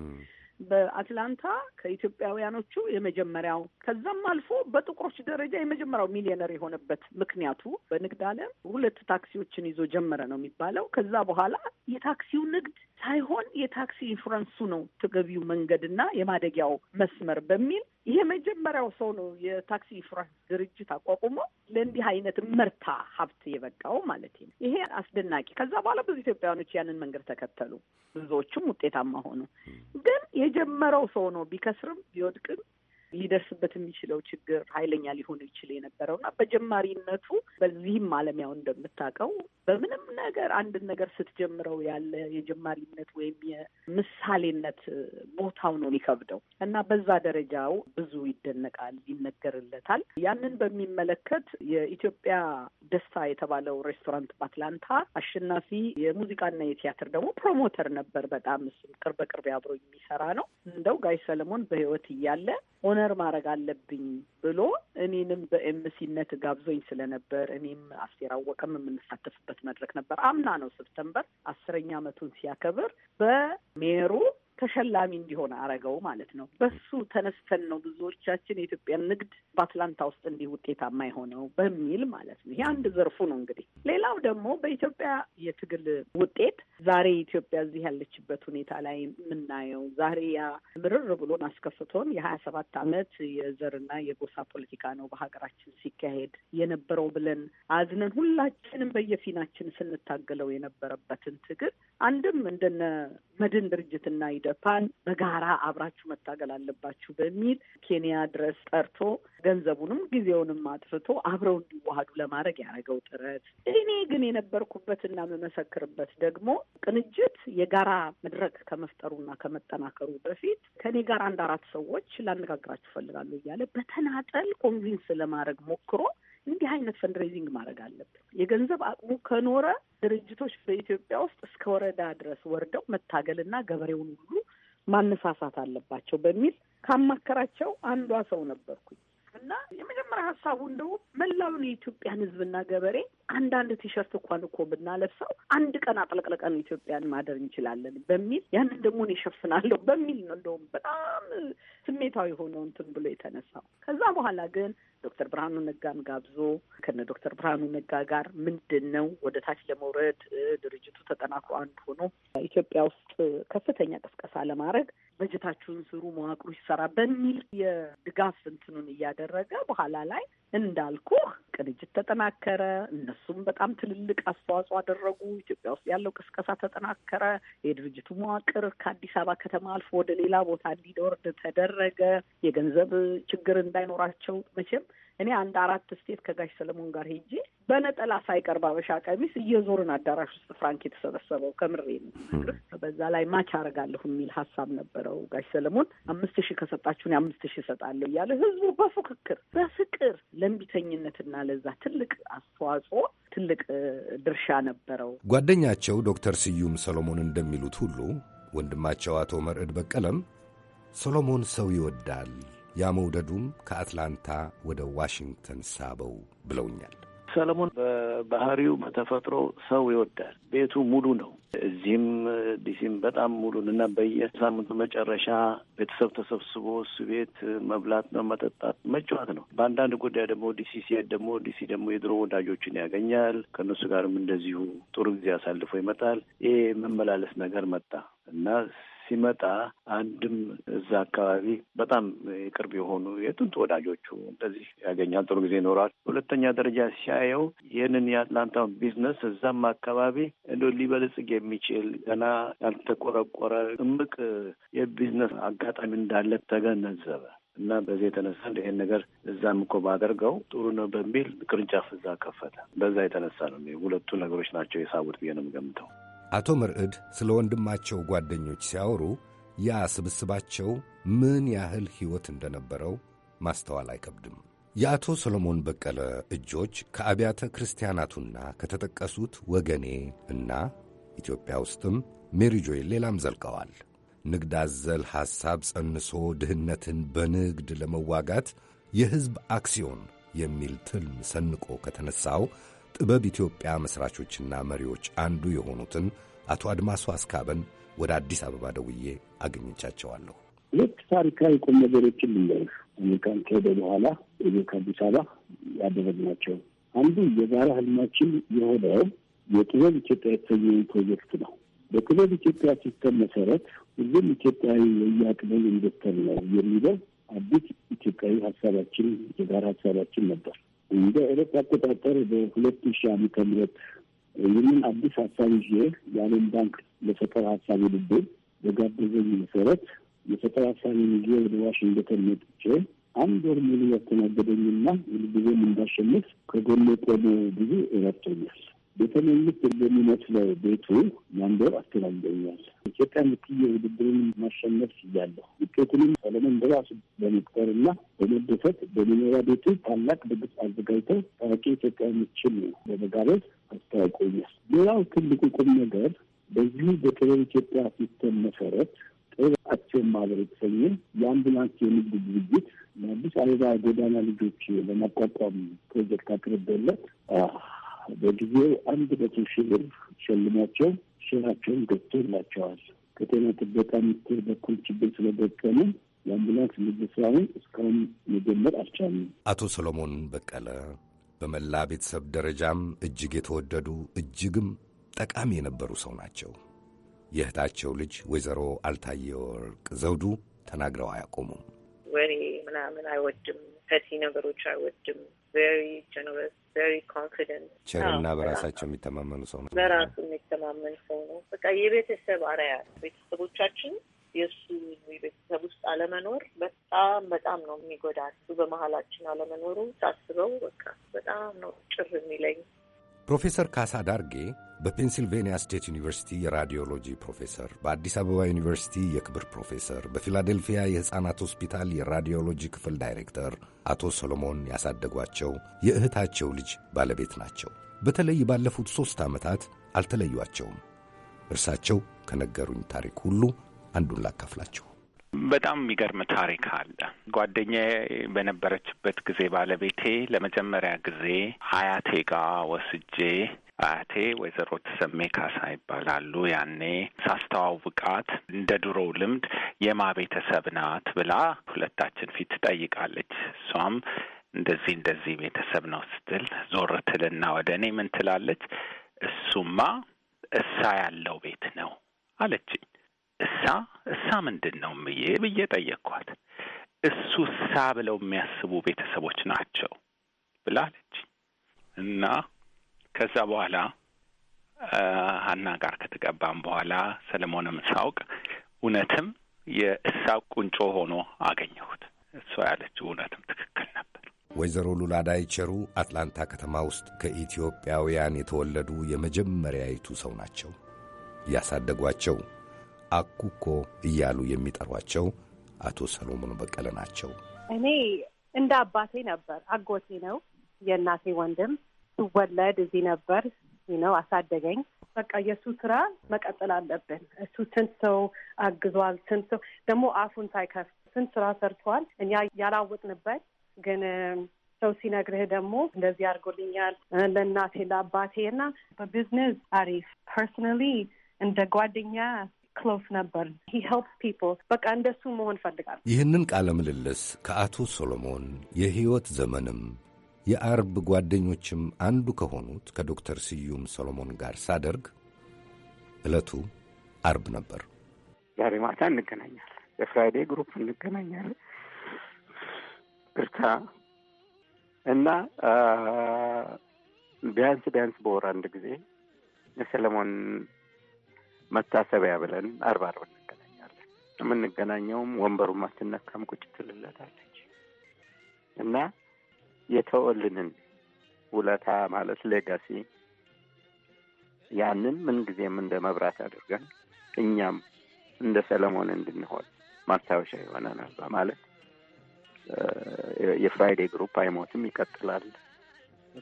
በአትላንታ ከኢትዮጵያውያኖቹ የመጀመሪያው ከዛም አልፎ በጥቁሮች ደረጃ የመጀመሪያው ሚሊዮነር የሆነበት ምክንያቱ በንግድ ዓለም ሁለት ታክሲዎችን ይዞ ጀመረ ነው የሚባለው። ከዛ በኋላ የታክሲው ንግድ ሳይሆን የታክሲ ኢንሹራንሱ ነው ተገቢው መንገድና የማደጊያው መስመር በሚል ይሄ መጀመሪያው ሰው ነው የታክሲ ኢንሹራንስ ድርጅት አቋቁሞ ለእንዲህ አይነት መርታ ሀብት የበቃው ማለት ነው። ይሄ አስደናቂ። ከዛ በኋላ ብዙ ኢትዮጵያውያኖች ያንን መንገድ ተከተሉ፣ ብዙዎቹም ውጤታማ ሆኑ። ግን የጀመረው ሰው ነው ቢከስርም ቢወድቅም ሊደርስበት የሚችለው ችግር ኃይለኛ ሊሆን ይችል የነበረውና በጀማሪነቱ በዚህም አለሚያው እንደምታውቀው በምንም ነገር አንድ ነገር ስትጀምረው ያለ የጀማሪነት ወይም የምሳሌነት ቦታው ነው የሚከብደው እና በዛ ደረጃው ብዙ ይደነቃል፣ ይነገርለታል። ያንን በሚመለከት የኢትዮጵያ ደስታ የተባለው ሬስቶራንት በአትላንታ አሸናፊ የሙዚቃና የቲያትር ደግሞ ፕሮሞተር ነበር። በጣም እሱም ቅርብ ቅርብ አብሮ የሚሰራ ነው። እንደው ጋይ ሰለሞን በህይወት እያለ ሆነ ኦነር ማድረግ አለብኝ ብሎ እኔንም በኤምሲነት ጋብዞኝ ስለነበር እኔም አስቴር አወቀም የምንሳተፍበት መድረክ ነበር። አምና ነው ሰፕተምበር አስረኛ አመቱን ሲያከብር በሜሩ ተሸላሚ እንዲሆን አረገው ማለት ነው። በሱ ተነስተን ነው ብዙዎቻችን የኢትዮጵያ ንግድ በአትላንታ ውስጥ እንዲህ ውጤታማ የሆነው በሚል ማለት ነው። ይህ አንድ ዘርፉ ነው። እንግዲህ ሌላው ደግሞ በኢትዮጵያ የትግል ውጤት ዛሬ ኢትዮጵያ እዚህ ያለችበት ሁኔታ ላይ የምናየው ዛሬ ያ ምርር ብሎን አስከፍቶን የሀያ ሰባት አመት የዘርና የጎሳ ፖለቲካ ነው በሀገራችን ሲካሄድ የነበረው ብለን አዝነን ሁላችንም በየፊናችን ስንታገለው የነበረበትን ትግል አንድም እንደነ መድን ድርጅትና ይደ ጃፓን በጋራ አብራችሁ መታገል አለባችሁ በሚል ኬንያ ድረስ ጠርቶ ገንዘቡንም ጊዜውንም አጥፍቶ አብረው እንዲዋሃዱ ለማድረግ ያደረገው ጥረት እኔ ግን የነበርኩበትና የምመሰክርበት ደግሞ ቅንጅት የጋራ መድረክ ከመፍጠሩና ከመጠናከሩ በፊት ከኔ ጋር አንድ አራት ሰዎች ላነጋግራችሁ ፈልጋሉ እያለ በተናጠል ኮንቪንስ ለማድረግ ሞክሮ እንዲህ አይነት ፈንድሬዚንግ ማድረግ አለብን። የገንዘብ አቅሙ ከኖረ ድርጅቶች በኢትዮጵያ ውስጥ እስከ ወረዳ ድረስ ወርደው መታገልና ገበሬውን ሁሉ ማነሳሳት አለባቸው በሚል ካማከራቸው አንዷ ሰው ነበርኩኝ እና የመጀመሪያ ሀሳቡ እንደውም መላውን የኢትዮጵያን ሕዝብና ገበሬ አንዳንድ ቲሸርት እንኳን እኮ ብናለብሰው አንድ ቀን አጥለቅለቀን ኢትዮጵያን ማደር እንችላለን በሚል ያንን ደግሞ እኔ እሸፍናለሁ በሚል ነው እንደውም በጣም ስሜታዊ የሆነው እንትን ብሎ የተነሳው። ከዛ በኋላ ግን ዶክተር ብርሃኑ ነጋን ጋብዞ ከነ ዶክተር ብርሃኑ ነጋ ጋር ምንድን ነው ወደ ታች ለመውረድ ድርጅቱ ተጠናክሮ አንድ ሆኖ ኢትዮጵያ ውስጥ ከፍተኛ ቅስቀሳ ለማድረግ በጀታችሁን ስሩ፣ መዋቅሩ ይሰራ በሚል የድጋፍ እንትኑን እያደረገ በኋላ ላይ እንዳልኩ ቅንጅት ተጠናከረ። እነሱም በጣም ትልልቅ አስተዋጽኦ አደረጉ። ኢትዮጵያ ውስጥ ያለው ቅስቀሳ ተጠናከረ። የድርጅቱ መዋቅር ከአዲስ አበባ ከተማ አልፎ ወደ ሌላ ቦታ እንዲወርድ ተደረገ። የገንዘብ ችግር እንዳይኖራቸው መቼም እኔ አንድ አራት ስቴት ከጋሽ ሰለሞን ጋር ሄጄ በነጠላ ሳይቀር ባበሻ ቀሚስ እየዞርን አዳራሽ ውስጥ ፍራንክ የተሰበሰበው ከምሬ ነው። በዛ ላይ ማች አረጋለሁ የሚል ሀሳብ ነበረው ጋሽ ሰለሞን። አምስት ሺህ ከሰጣችሁን አምስት ሺህ እሰጣለሁ እያለ ህዝቡ በፉክክር በፍቅር ለእምቢተኝነትና ለዛ ትልቅ አስተዋጽኦ ትልቅ ድርሻ ነበረው። ጓደኛቸው ዶክተር ስዩም ሰሎሞን እንደሚሉት ሁሉ ወንድማቸው አቶ መርዕድ በቀለም ሰሎሞን ሰው ይወዳል ያ መውደዱም ከአትላንታ ወደ ዋሽንግተን ሳበው ብለውኛል። ሰለሞን በባህሪው በተፈጥሮ ሰው ይወዳል። ቤቱ ሙሉ ነው። እዚህም ዲሲም በጣም ሙሉን እና በየሳምንቱ መጨረሻ ቤተሰብ ተሰብስቦ እሱ ቤት መብላት ነው፣ መጠጣት፣ መጫወት ነው። በአንዳንድ ጉዳይ ደግሞ ዲሲ ሲሄድ ደግሞ ዲሲ ደግሞ የድሮ ወዳጆችን ያገኛል። ከእነሱ ጋርም እንደዚሁ ጥሩ ጊዜ አሳልፎ ይመጣል። ይሄ መመላለስ ነገር መጣ እና ሲመጣ አንድም እዛ አካባቢ በጣም የቅርብ የሆኑ የጥንት ወዳጆቹ እንደዚህ ያገኛል፣ ጥሩ ጊዜ ይኖራል። ሁለተኛ ደረጃ ሲያየው ይህንን የአትላንታውን ቢዝነስ እዛም አካባቢ እንደ ሊበልጽግ የሚችል ገና ያልተቆረቆረ እምቅ የቢዝነስ አጋጣሚ እንዳለ ተገነዘበ። እና በዚህ የተነሳ ይሄን ነገር እዛም እኮ ባደርገው ጥሩ ነው በሚል ቅርንጫፍ እዛ ከፈተ። በዛ የተነሳ ነው ሁለቱ ነገሮች ናቸው የሳቡት ብዬ ነው የምገምተው። አቶ መርዕድ ስለ ወንድማቸው ጓደኞች ሲያወሩ ያ ስብስባቸው ምን ያህል ሕይወት እንደነበረው ማስተዋል አይከብድም። የአቶ ሰሎሞን በቀለ እጆች ከአብያተ ክርስቲያናቱና ከተጠቀሱት ወገኔ እና ኢትዮጵያ ውስጥም ሜሪጆይ ሌላም ዘልቀዋል። ንግድ አዘል ሐሳብ ጸንሶ ድህነትን በንግድ ለመዋጋት የሕዝብ አክሲዮን የሚል ትልም ሰንቆ ከተነሳው ጥበብ ኢትዮጵያ መሥራቾችና መሪዎች አንዱ የሆኑትን አቶ አድማሱ አስካበን ወደ አዲስ አበባ ደውዬ አግኝቻቸዋለሁ። ልክ ታሪካዊ ቁም ነገሮችን ልንገር። አሜሪካን ከሄደ በኋላ እዚ ከአዲስ አበባ ያደረግናቸው አንዱ የጋራ ህልማችን የሆነው የጥበብ ኢትዮጵያ የተሰኘውን ፕሮጀክት ነው። በጥበብ ኢትዮጵያ ሲስተም መሰረት ሁሉም ኢትዮጵያዊ የያቅበል ኢንቨስተር ነው የሚለው አዲስ ኢትዮጵያዊ ሀሳባችን የጋራ ሀሳባችን ነበር። እንደ ኤሮፓ አቆጣጠር በሁለት ሺ ዓመተ ምህረት ይህንን አዲስ ሀሳብ ይዤ የዓለም ባንክ ለፈጠር ሀሳብ ውድድር በጋበዘኝ መሰረት የፈጠር ሀሳብን ይዤ ወደ ዋሽንግተን መጥቼ አንድ ወር ሙሉ ያስተናገደኝና ውድድሩን እንዳሸንፍ ከጎኔ ቆሞ ብዙ ረድቶኛል። በተለይም በሚመስለው ቤቱ መንደር አስተናግደኛል። ኢትዮጵያ ምክየ ውድድሩን ማሸነፍ ስያለሁ ውጤቱንም ሰለሞን በራሱ በመቅጠርና በመደሰት በመኖሪያ ቤቱ ታላቅ ድግስ አዘጋጅተው ታዋቂ ኢትዮጵያኖችን በመጋበዝ አስታውቆኛል። ሌላው ትልቁ ቁም ነገር በዚሁ በክበብ ኢትዮጵያ ሲስተም መሰረት ጥበብ አክሲዮን ማህበር የተሰኘ የአምቡላንስ የንግድ ድርጅት ለአዲስ አበባ ጎዳና ልጆች ለማቋቋም ፕሮጀክት አቅርቤለት በጊዜው አንድ መቶ ሺህ ብር ሸልሟቸው ሼራቸውን ገብቶላቸዋል። ከጤና ጥበቃ ሚኒስቴር በኩል ችግር ስለገጠሙ የአምቡላንስ ምዝስራውን እስካሁን መጀመር አልቻለም። አቶ ሰሎሞን በቀለ በመላ ቤተሰብ ደረጃም እጅግ የተወደዱ እጅግም ጠቃሚ የነበሩ ሰው ናቸው። የእህታቸው ልጅ ወይዘሮ አልታየ ወርቅ ዘውዱ ተናግረው አያቆሙም። ወሬ ምናምን አይወድም፣ ፈቲ ነገሮች አይወድም ቸርና በራሳቸው የሚተማመኑ ሰው ነው። በራሱ የሚተማመን ሰው ነው። በቃ የቤተሰብ አርአያ ነው። ቤተሰቦቻችን የእሱ የቤተሰብ ውስጥ አለመኖር በጣም በጣም ነው የሚጎዳ። እሱ በመሀላችን አለመኖሩ ሳስበው በቃ በጣም ነው ጭር የሚለኝ። ፕሮፌሰር ካሳ ዳርጌ በፔንሲልቬንያ ስቴት ዩኒቨርሲቲ የራዲዮሎጂ ፕሮፌሰር፣ በአዲስ አበባ ዩኒቨርሲቲ የክብር ፕሮፌሰር፣ በፊላዴልፊያ የሕፃናት ሆስፒታል የራዲዮሎጂ ክፍል ዳይሬክተር አቶ ሰሎሞን ያሳደጓቸው የእህታቸው ልጅ ባለቤት ናቸው። በተለይ ባለፉት ሦስት ዓመታት አልተለዩአቸውም። እርሳቸው ከነገሩኝ ታሪክ ሁሉ አንዱን ላካፍላችሁ። በጣም የሚገርም ታሪክ አለ። ጓደኛዬ በነበረችበት ጊዜ ባለቤቴ ለመጀመሪያ ጊዜ አያቴ ጋ ወስጄ አያቴ ወይዘሮ ተሰሜ ካሳ ይባላሉ። ያኔ ሳስተዋውቃት እንደ ድሮው ልምድ የማ ቤተሰብ ናት ብላ ሁለታችን ፊት ትጠይቃለች። እሷም እንደዚህ እንደዚህ ቤተሰብ ነው ስትል ዞር ትልና ወደ እኔ ምን ትላለች? እሱማ እሳ ያለው ቤት ነው አለችኝ። እሳ እሳ ምንድን ነው ምዬ ብዬ ጠየቅኳት። እሱ እሳ ብለው የሚያስቡ ቤተሰቦች ናቸው ብላለች። እና ከዛ በኋላ ሀና ጋር ከተቀባም በኋላ ሰለሞንም ሳውቅ እውነትም የእሳ ቁንጮ ሆኖ አገኘሁት። እሷ ያለችው እውነትም ትክክል ነበር። ወይዘሮ ሉላ ዳይቸሩ አትላንታ ከተማ ውስጥ ከኢትዮጵያውያን የተወለዱ የመጀመሪያይቱ ሰው ናቸው። ያሳደጓቸው አኩኮ እያሉ የሚጠሯቸው አቶ ሰሎሞን በቀለ ናቸው። እኔ እንደ አባቴ ነበር። አጎቴ ነው የእናቴ ወንድም። ስወለድ እዚህ ነበር ነው አሳደገኝ። በቃ የእሱ ስራ መቀጠል አለብን። እሱ ስንት ሰው አግዟል። ስንት ሰው ደግሞ አፉን ሳይከፍት ስንት ስራ ሰርቷል። እኛ ያላወቅንበት ግን ሰው ሲነግርህ ደግሞ እንደዚህ አድርጎልኛል ለእናቴ ለአባቴ እና በቢዝነስ አሪፍ ፐርሰናሊ እንደ ጓደኛ ክሎስ ነበር። ሂ ሄልፕስ ፒፕል በቃ እንደሱ መሆን ፈልጋል። ይህንን ቃለ ምልልስ ከአቶ ሶሎሞን የሕይወት ዘመንም የአርብ ጓደኞችም አንዱ ከሆኑት ከዶክተር ስዩም ሶሎሞን ጋር ሳደርግ ዕለቱ አርብ ነበር። ዛሬ ማታ እንገናኛለን። የፍራይዴ ግሩፕ እንገናኛለን። ብርታ እና ቢያንስ ቢያንስ በወር አንድ ጊዜ የሰለሞን መታሰቢያ ብለን አርብ አርብ እንገናኛለን። የምንገናኘውም ወንበሩ ማትነካም ቁጭ ትልለታለች እና የተወልንን ውለታ ማለት ሌጋሲ ያንን ምንጊዜም እንደ መብራት አድርገን እኛም እንደ ሰለሞን እንድንሆን ማስታወሻ ይሆነናል በማለት የፍራይዴ ግሩፕ አይሞትም ይቀጥላል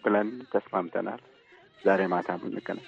ብለን ተስማምተናል። ዛሬ ማታም እንገናኛለን።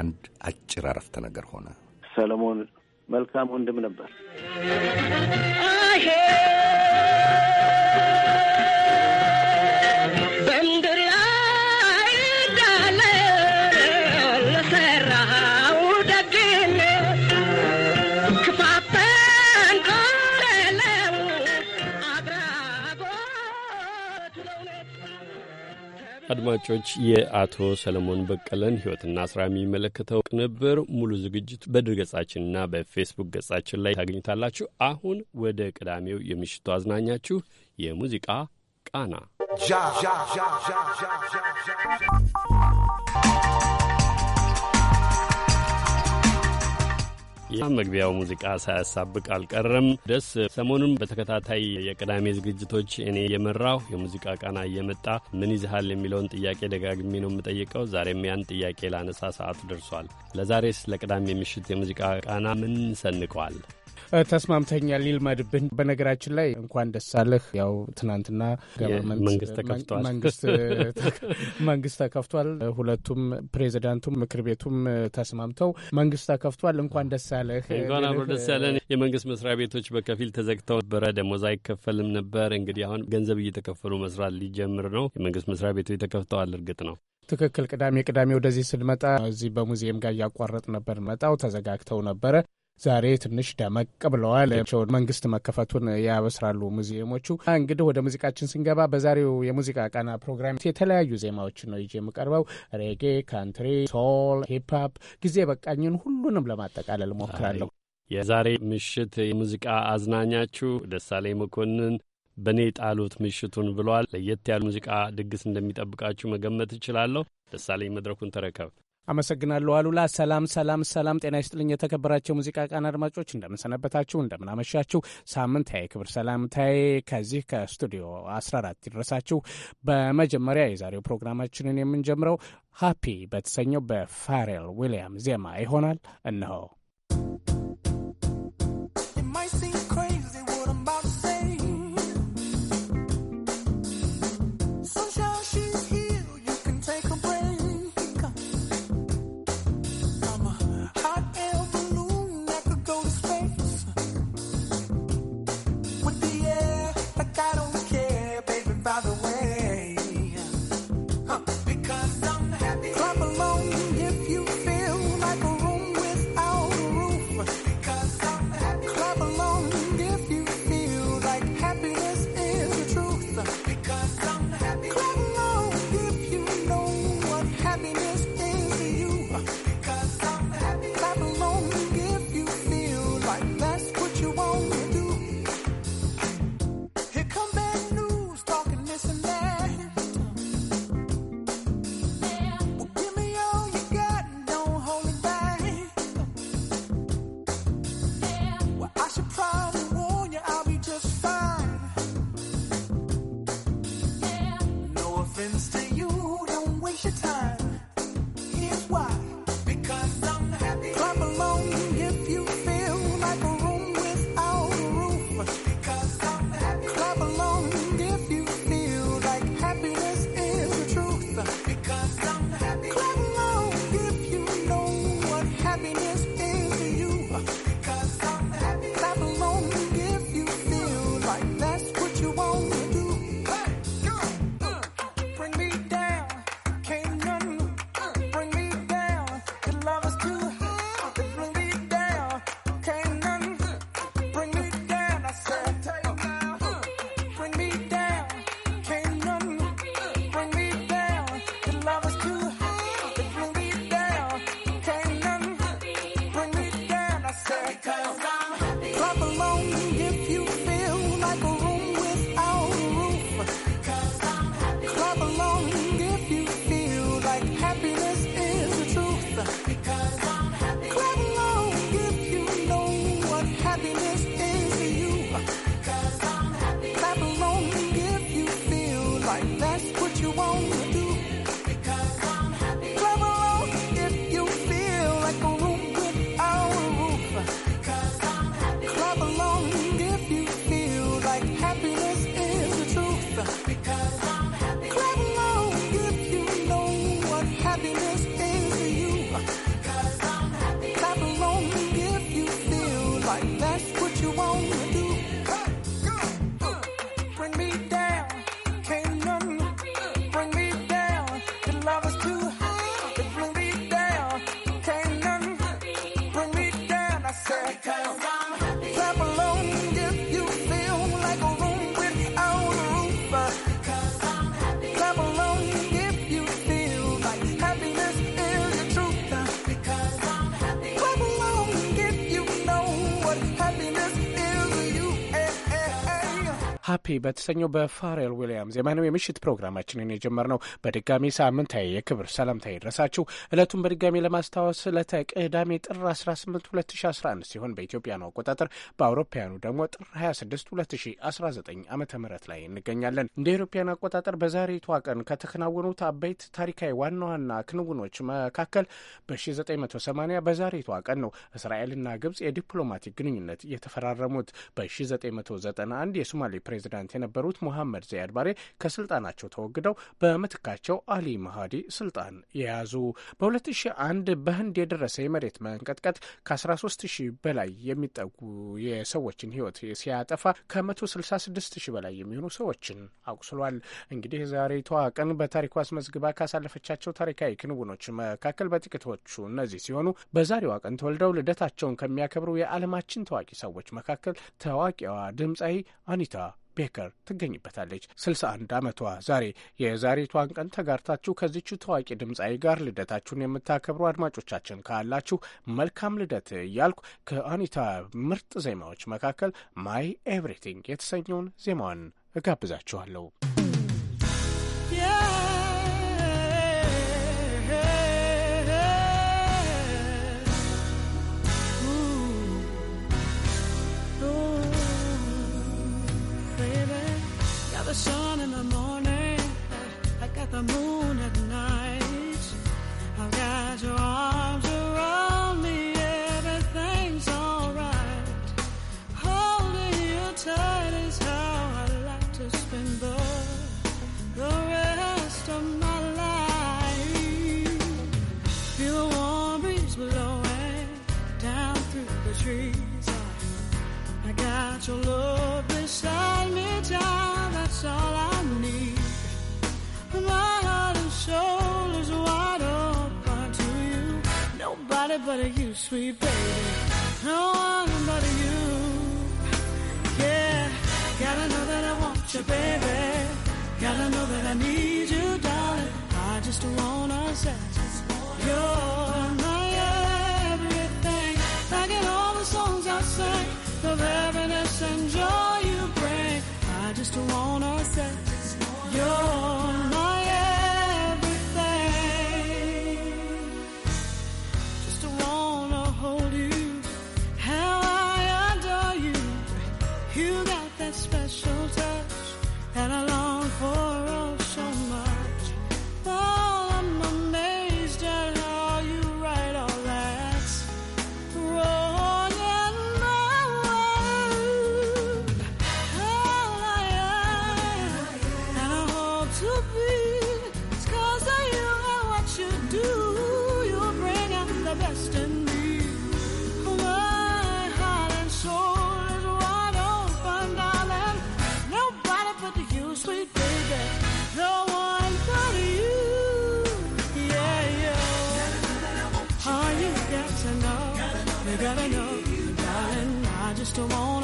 አንድ አጭር አረፍተ ነገር ሆነ። ሰለሞን መልካም ወንድም ነበር። አድማጮች የአቶ ሰለሞን በቀለን ህይወትና ስራ የሚመለከተው ቅንብር ሙሉ ዝግጅት በድረገጻችንና በፌስቡክ ገጻችን ላይ ታገኙታላችሁ። አሁን ወደ ቅዳሜው የምሽቱ አዝናኛችሁ የሙዚቃ ቃና የመግቢያው ሙዚቃ ሳያሳብቅ አልቀረም። ደስ ሰሞኑን በተከታታይ የቅዳሜ ዝግጅቶች እኔ የመራው የሙዚቃ ቃና እየመጣ ምን ይዝሃል የሚለውን ጥያቄ ደጋግሜ ነው የምጠይቀው። ዛሬም ያን ጥያቄ ላነሳ ሰዓቱ ደርሷል። ለዛሬስ ለቅዳሜ ምሽት የሙዚቃ ቃና ምን ሰንቀዋል? ተስማምተኛል። ይልመድብን። በነገራችን ላይ እንኳን ደስ አለህ። ያው ትናንትና መንግስት ተከፍቷል። ሁለቱም ፕሬዚዳንቱም ምክር ቤቱም ተስማምተው መንግስት ተከፍቷል። እንኳን ደስ አለህ። እንኳን አብሮ ደስ ያለን። የመንግስት መስሪያ ቤቶች በከፊል ተዘግተው ነበረ፣ ደሞዝ አይከፈልም ነበር። እንግዲህ አሁን ገንዘብ እየተከፈሉ መስራት ሊጀምር ነው። የመንግስት መስሪያ ቤቶች ተከፍተዋል። እርግጥ ነው ትክክል። ቅዳሜ ቅዳሜ ወደዚህ ስንመጣ እዚህ በሙዚየም ጋር እያቋረጥ ነበር መጣው ተዘጋግተው ነበረ። ዛሬ ትንሽ ደመቅ ብለዋል። መንግስት መከፈቱን ያበስራሉ ሙዚየሞቹ። እንግዲህ ወደ ሙዚቃችን ስንገባ በዛሬው የሙዚቃ ቃና ፕሮግራም የተለያዩ ዜማዎችን ነው ይዤ የምቀርበው። ሬጌ፣ ካንትሪ፣ ሶል፣ ሂፕሀፕ ጊዜ በቃኝን ሁሉንም ለማጠቃለል ሞክራለሁ። የዛሬ ምሽት የሙዚቃ አዝናኛችሁ ደሳሌ መኮንን በእኔ ጣሉት ምሽቱን ብሏል። ለየት ያሉ ሙዚቃ ድግስ እንደሚጠብቃችሁ መገመት እችላለሁ። ደሳሌ መድረኩን ተረከብ። አመሰግናለሁ አሉላ። ሰላም ሰላም ሰላም፣ ጤና ይስጥልኝ የተከበራቸው ሙዚቃ ቃን አድማጮች እንደምንሰነበታችሁ፣ እንደምናመሻችሁ። ሳምንታዊ ክብር ሰላምታዬ ከዚህ ከስቱዲዮ 14 ይድረሳችሁ። በመጀመሪያ የዛሬው ፕሮግራማችንን የምንጀምረው ሃፒ በተሰኘው በፋሬል ዊሊያም ዜማ ይሆናል። እነሆ በተሰኘው በፋሬል ዊሊያምስ ዜማ የምሽት ፕሮግራማችንን የጀመርነው። በድጋሚ ሳምንታዊ የክብር ሰላምታ ይድረሳችሁ። ዕለቱን በድጋሚ ለማስታወስ ዕለተ ቅዳሜ ጥር 18 2011 ሲሆን በኢትዮጵያኑ አቆጣጠር በአውሮፓውያኑ ደግሞ ጥር 26 2019 ዓ ም ላይ እንገኛለን። እንደ ኢትዮጵያን አቆጣጠር በዛሬቷ ቀን ከተከናወኑት አበይት ታሪካዊ ዋና ዋና ክንውኖች መካከል በ1980 በዛሬቷ ቀን ነው እስራኤልና ግብጽ የዲፕሎማቲክ ግንኙነት የተፈራረሙት። በ1991 የሶማሌ ፕሬዚዳንት ፕሬዚደንት የነበሩት ሙሐመድ ዘያድ ባሬ ከስልጣናቸው ተወግደው በምትካቸው አሊ መሃዲ ስልጣን የያዙ። በ2001 በህንድ የደረሰ የመሬት መንቀጥቀጥ ከ13 ሺህ በላይ የሚጠጉ የሰዎችን ህይወት ሲያጠፋ ከ166 ሺህ በላይ የሚሆኑ ሰዎችን አቁስሏል። እንግዲህ ዛሬቷ ቀን በታሪኩ አስመዝግባ ካሳለፈቻቸው ታሪካዊ ክንውኖች መካከል በጥቂቶቹ እነዚህ ሲሆኑ በዛሬዋ ቀን ተወልደው ልደታቸውን ከሚያከብሩ የዓለማችን ታዋቂ ሰዎች መካከል ታዋቂዋ ድምፃዊ አኒታ ቤከር ትገኝበታለች። 61 ዓመቷ ዛሬ የዛሬቷን ቀን ተጋርታችሁ ከዚቹ ታዋቂ ድምፃዊ ጋር ልደታችሁን የምታከብሩ አድማጮቻችን ካላችሁ መልካም ልደት እያልኩ ከአኒታ ምርጥ ዜማዎች መካከል ማይ ኤቭሪቲንግ የተሰኘውን ዜማዋን እጋብዛችኋለሁ። the sun in the morning. I got the moon at night. i got your arms. but you, sweet baby. No one but you. Yeah, gotta know that I want you, baby. Gotta know that I need you, darling. I just wanna satisfy. don't want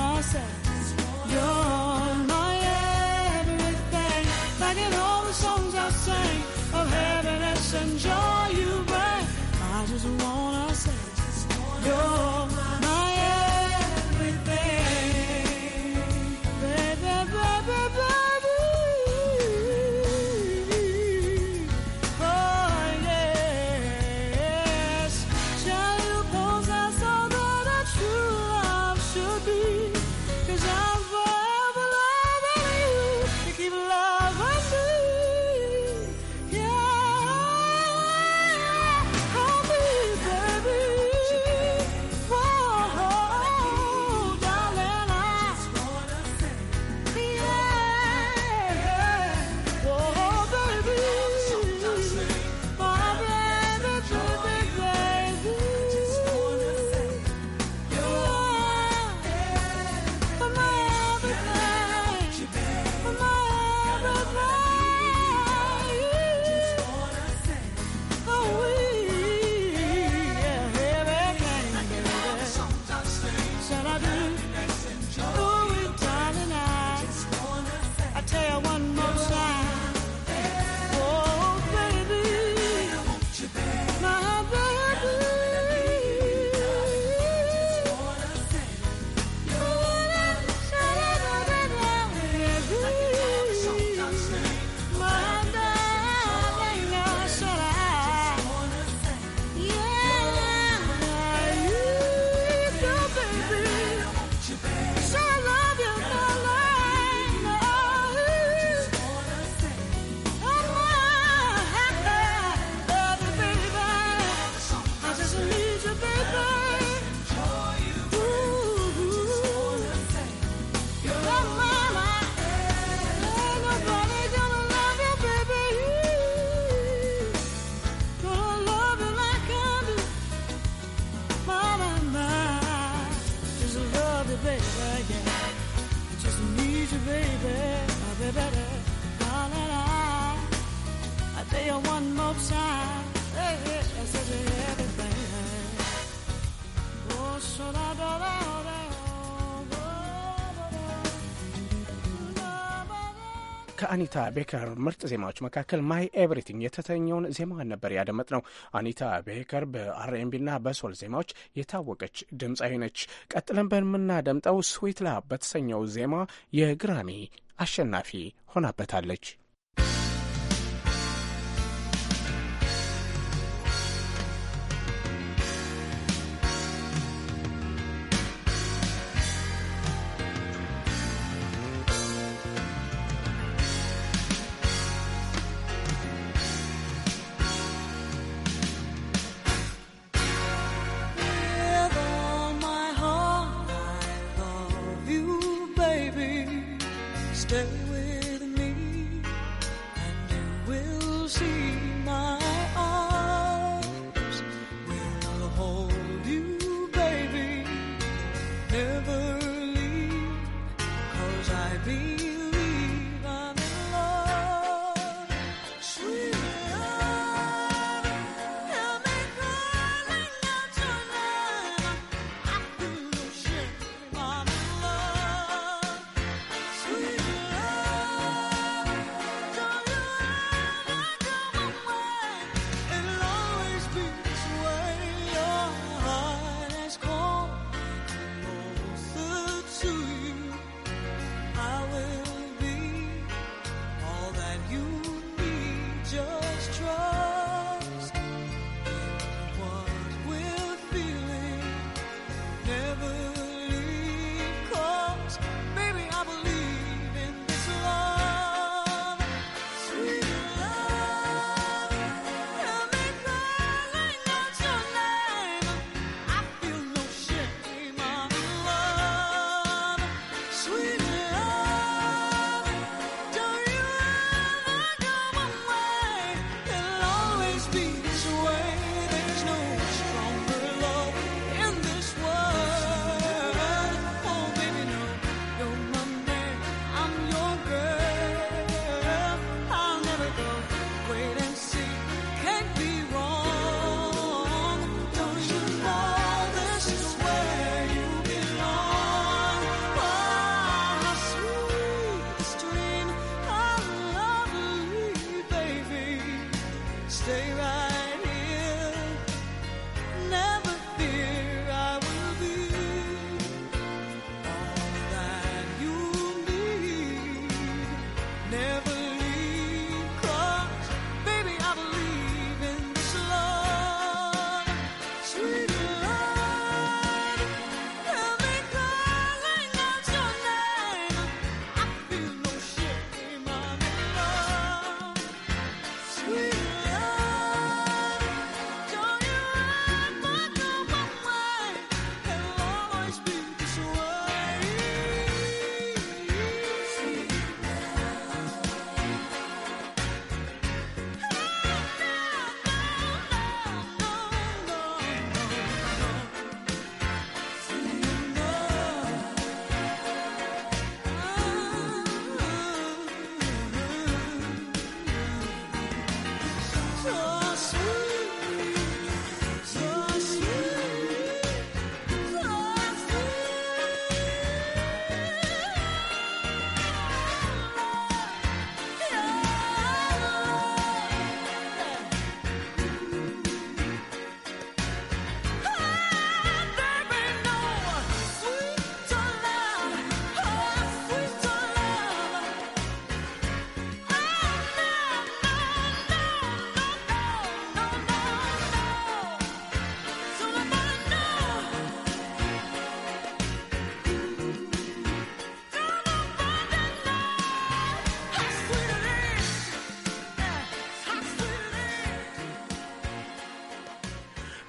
ከአኒታ ቤከር ምርጥ ዜማዎች መካከል ማይ ኤቭሪቲንግ የተሰኘውን ዜማዋን ነበር ያደመጥ ነው። አኒታ ቤከር ና በሶል ዜማዎች የታወቀች ድምፃዊ ነች። ቀጥለን በምናደምጠው ስዊት ላቭ በተሰኘው ዜማ የግራሚ አሸናፊ ሆናበታለች።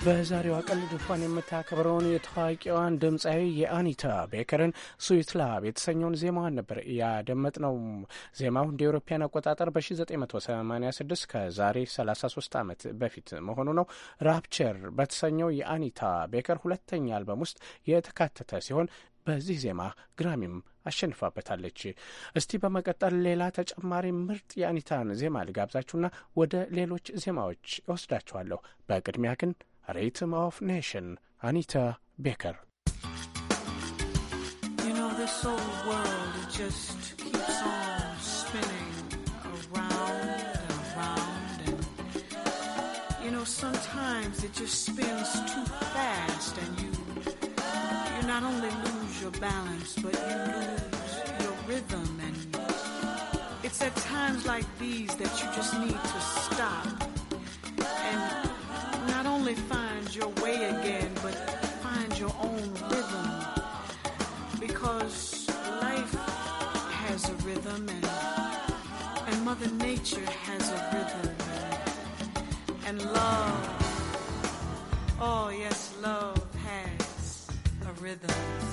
በዛሬዋ ቀን ድፋን የምታከብረውን የታዋቂዋን ድምፃዊ የአኒታ ቤከርን ስዊት ላቭ የተሰኘውን ዜማዋን ነበር ያደመጥነው። ዜማው እንደ ኤውሮፓያን አቆጣጠር በ1986 ከዛሬ 33 ዓመት በፊት መሆኑ ነው ራፕቸር በተሰኘው የአኒታ ቤከር ሁለተኛ አልበም ውስጥ የተካተተ ሲሆን በዚህ ዜማ ግራሚም አሸንፋበታለች። እስቲ በመቀጠል ሌላ ተጨማሪ ምርጥ የአኒታን ዜማ ልጋብዛችሁና ወደ ሌሎች ዜማዎች እወስዳችኋለሁ። በቅድሚያ ግን Rhythm of Nation, Anita Baker. You know, this old world just keeps on spinning around and around. And, you know, sometimes it just spins too fast, and you, you not only lose your balance, but you lose your rhythm. And it's at times like these that you just need to Nature has a rhythm. And love, oh yes, love has a rhythm.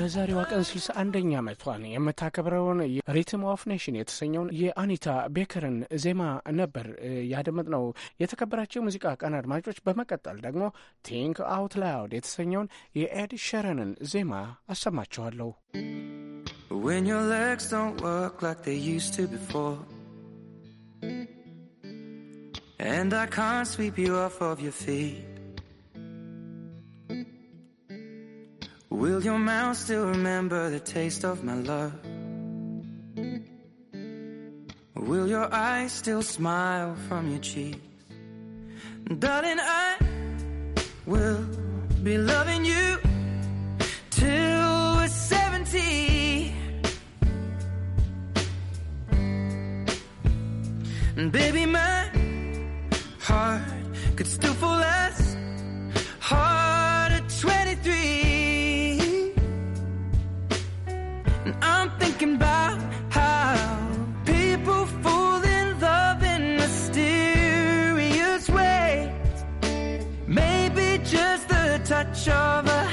በዛሬዋ ቀን 61ኛ ዓመቷን የምታከብረውን ሪትም ኦፍ ኔሽን የተሰኘውን የአኒታ ቤከርን ዜማ ነበር ያደመጥነው። የተከበራቸው ሙዚቃ ቀን አድማጮች፣ በመቀጠል ደግሞ ቲንክ አውት ላውድ የተሰኘውን የኤድ ሸረንን ዜማ አሰማችኋለሁ። And I can't sweep you off of your feet Will your mouth still remember the taste of my love? Will your eyes still smile from your cheeks? Darling, I will be loving you till we're 70. And baby, my heart could still fall us. much of a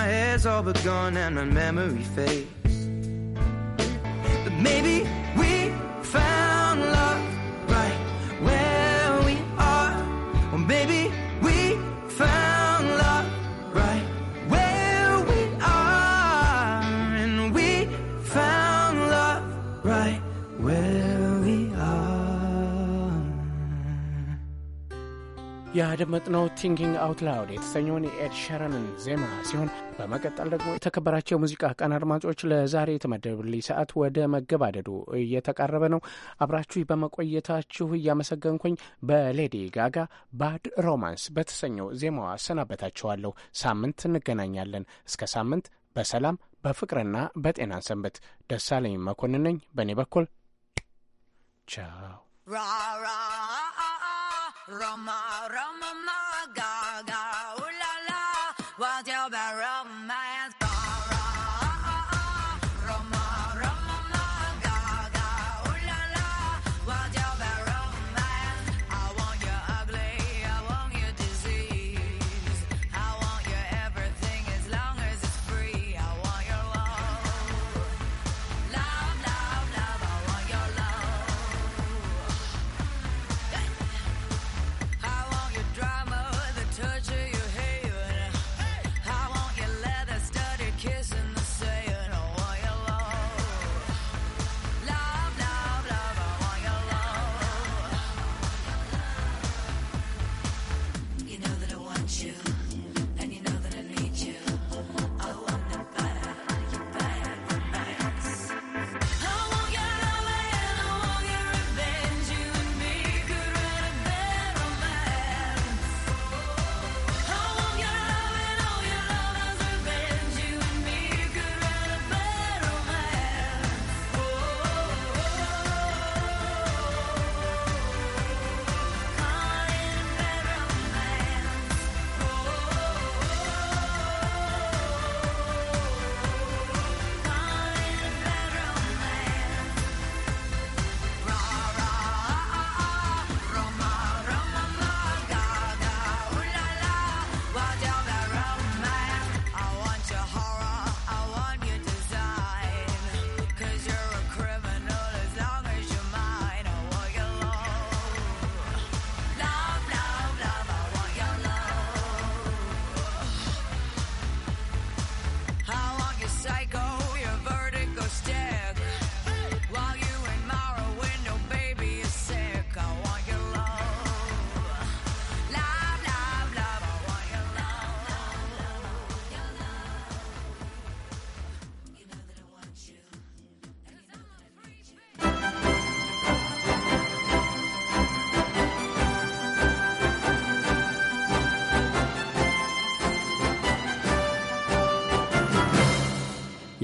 my hair's all but gone and my memory fades. But maybe we found. ያደመጥነው ቲንኪንግ አውት ላውድ የተሰኘውን የኤድ ሸረንን ዜማ ሲሆን በመቀጠል ደግሞ የተከበራቸው የሙዚቃ ቀን አድማጮች፣ ለዛሬ የተመደበልኝ ሰዓት ወደ መገባደዱ እየተቃረበ ነው። አብራችሁ በመቆየታችሁ እያመሰገንኩኝ በሌዲ ጋጋ ባድ ሮማንስ በተሰኘው ዜማዋ አሰናበታችኋለሁ። ሳምንት እንገናኛለን። እስከ ሳምንት በሰላም በፍቅርና በጤና ሰንበት። ደሳለኝ መኮንን ነኝ። በእኔ በኩል ቻው። Rama, Rama, Rama.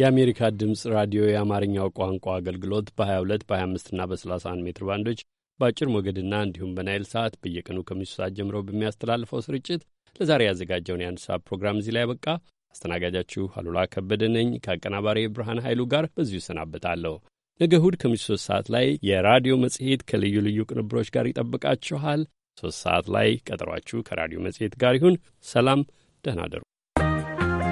የአሜሪካ ድምፅ ራዲዮ የአማርኛው ቋንቋ አገልግሎት በ22 በ25ና በ31 ሜትር ባንዶች በአጭር ሞገድና እንዲሁም በናይል ሰዓት በየቀኑ ከምሽቱ ሰዓት ጀምሮ በሚያስተላልፈው ስርጭት ለዛሬ ያዘጋጀውን የአንድ ሰዓት ፕሮግራም እዚህ ላይ ያበቃ። አስተናጋጃችሁ አሉላ ከበደ ነኝ ከአቀናባሪ ብርሃን ኃይሉ ጋር በዚሁ ይሰናበታለሁ። ነገ እሁድ ከምሽቱ ሶስት ሰዓት ላይ የራዲዮ መጽሔት ከልዩ ልዩ ቅንብሮች ጋር ይጠብቃችኋል። ሶስት ሰዓት ላይ ቀጠሯችሁ ከራዲዮ መጽሔት ጋር ይሁን። ሰላም፣ ደህና አደሩ።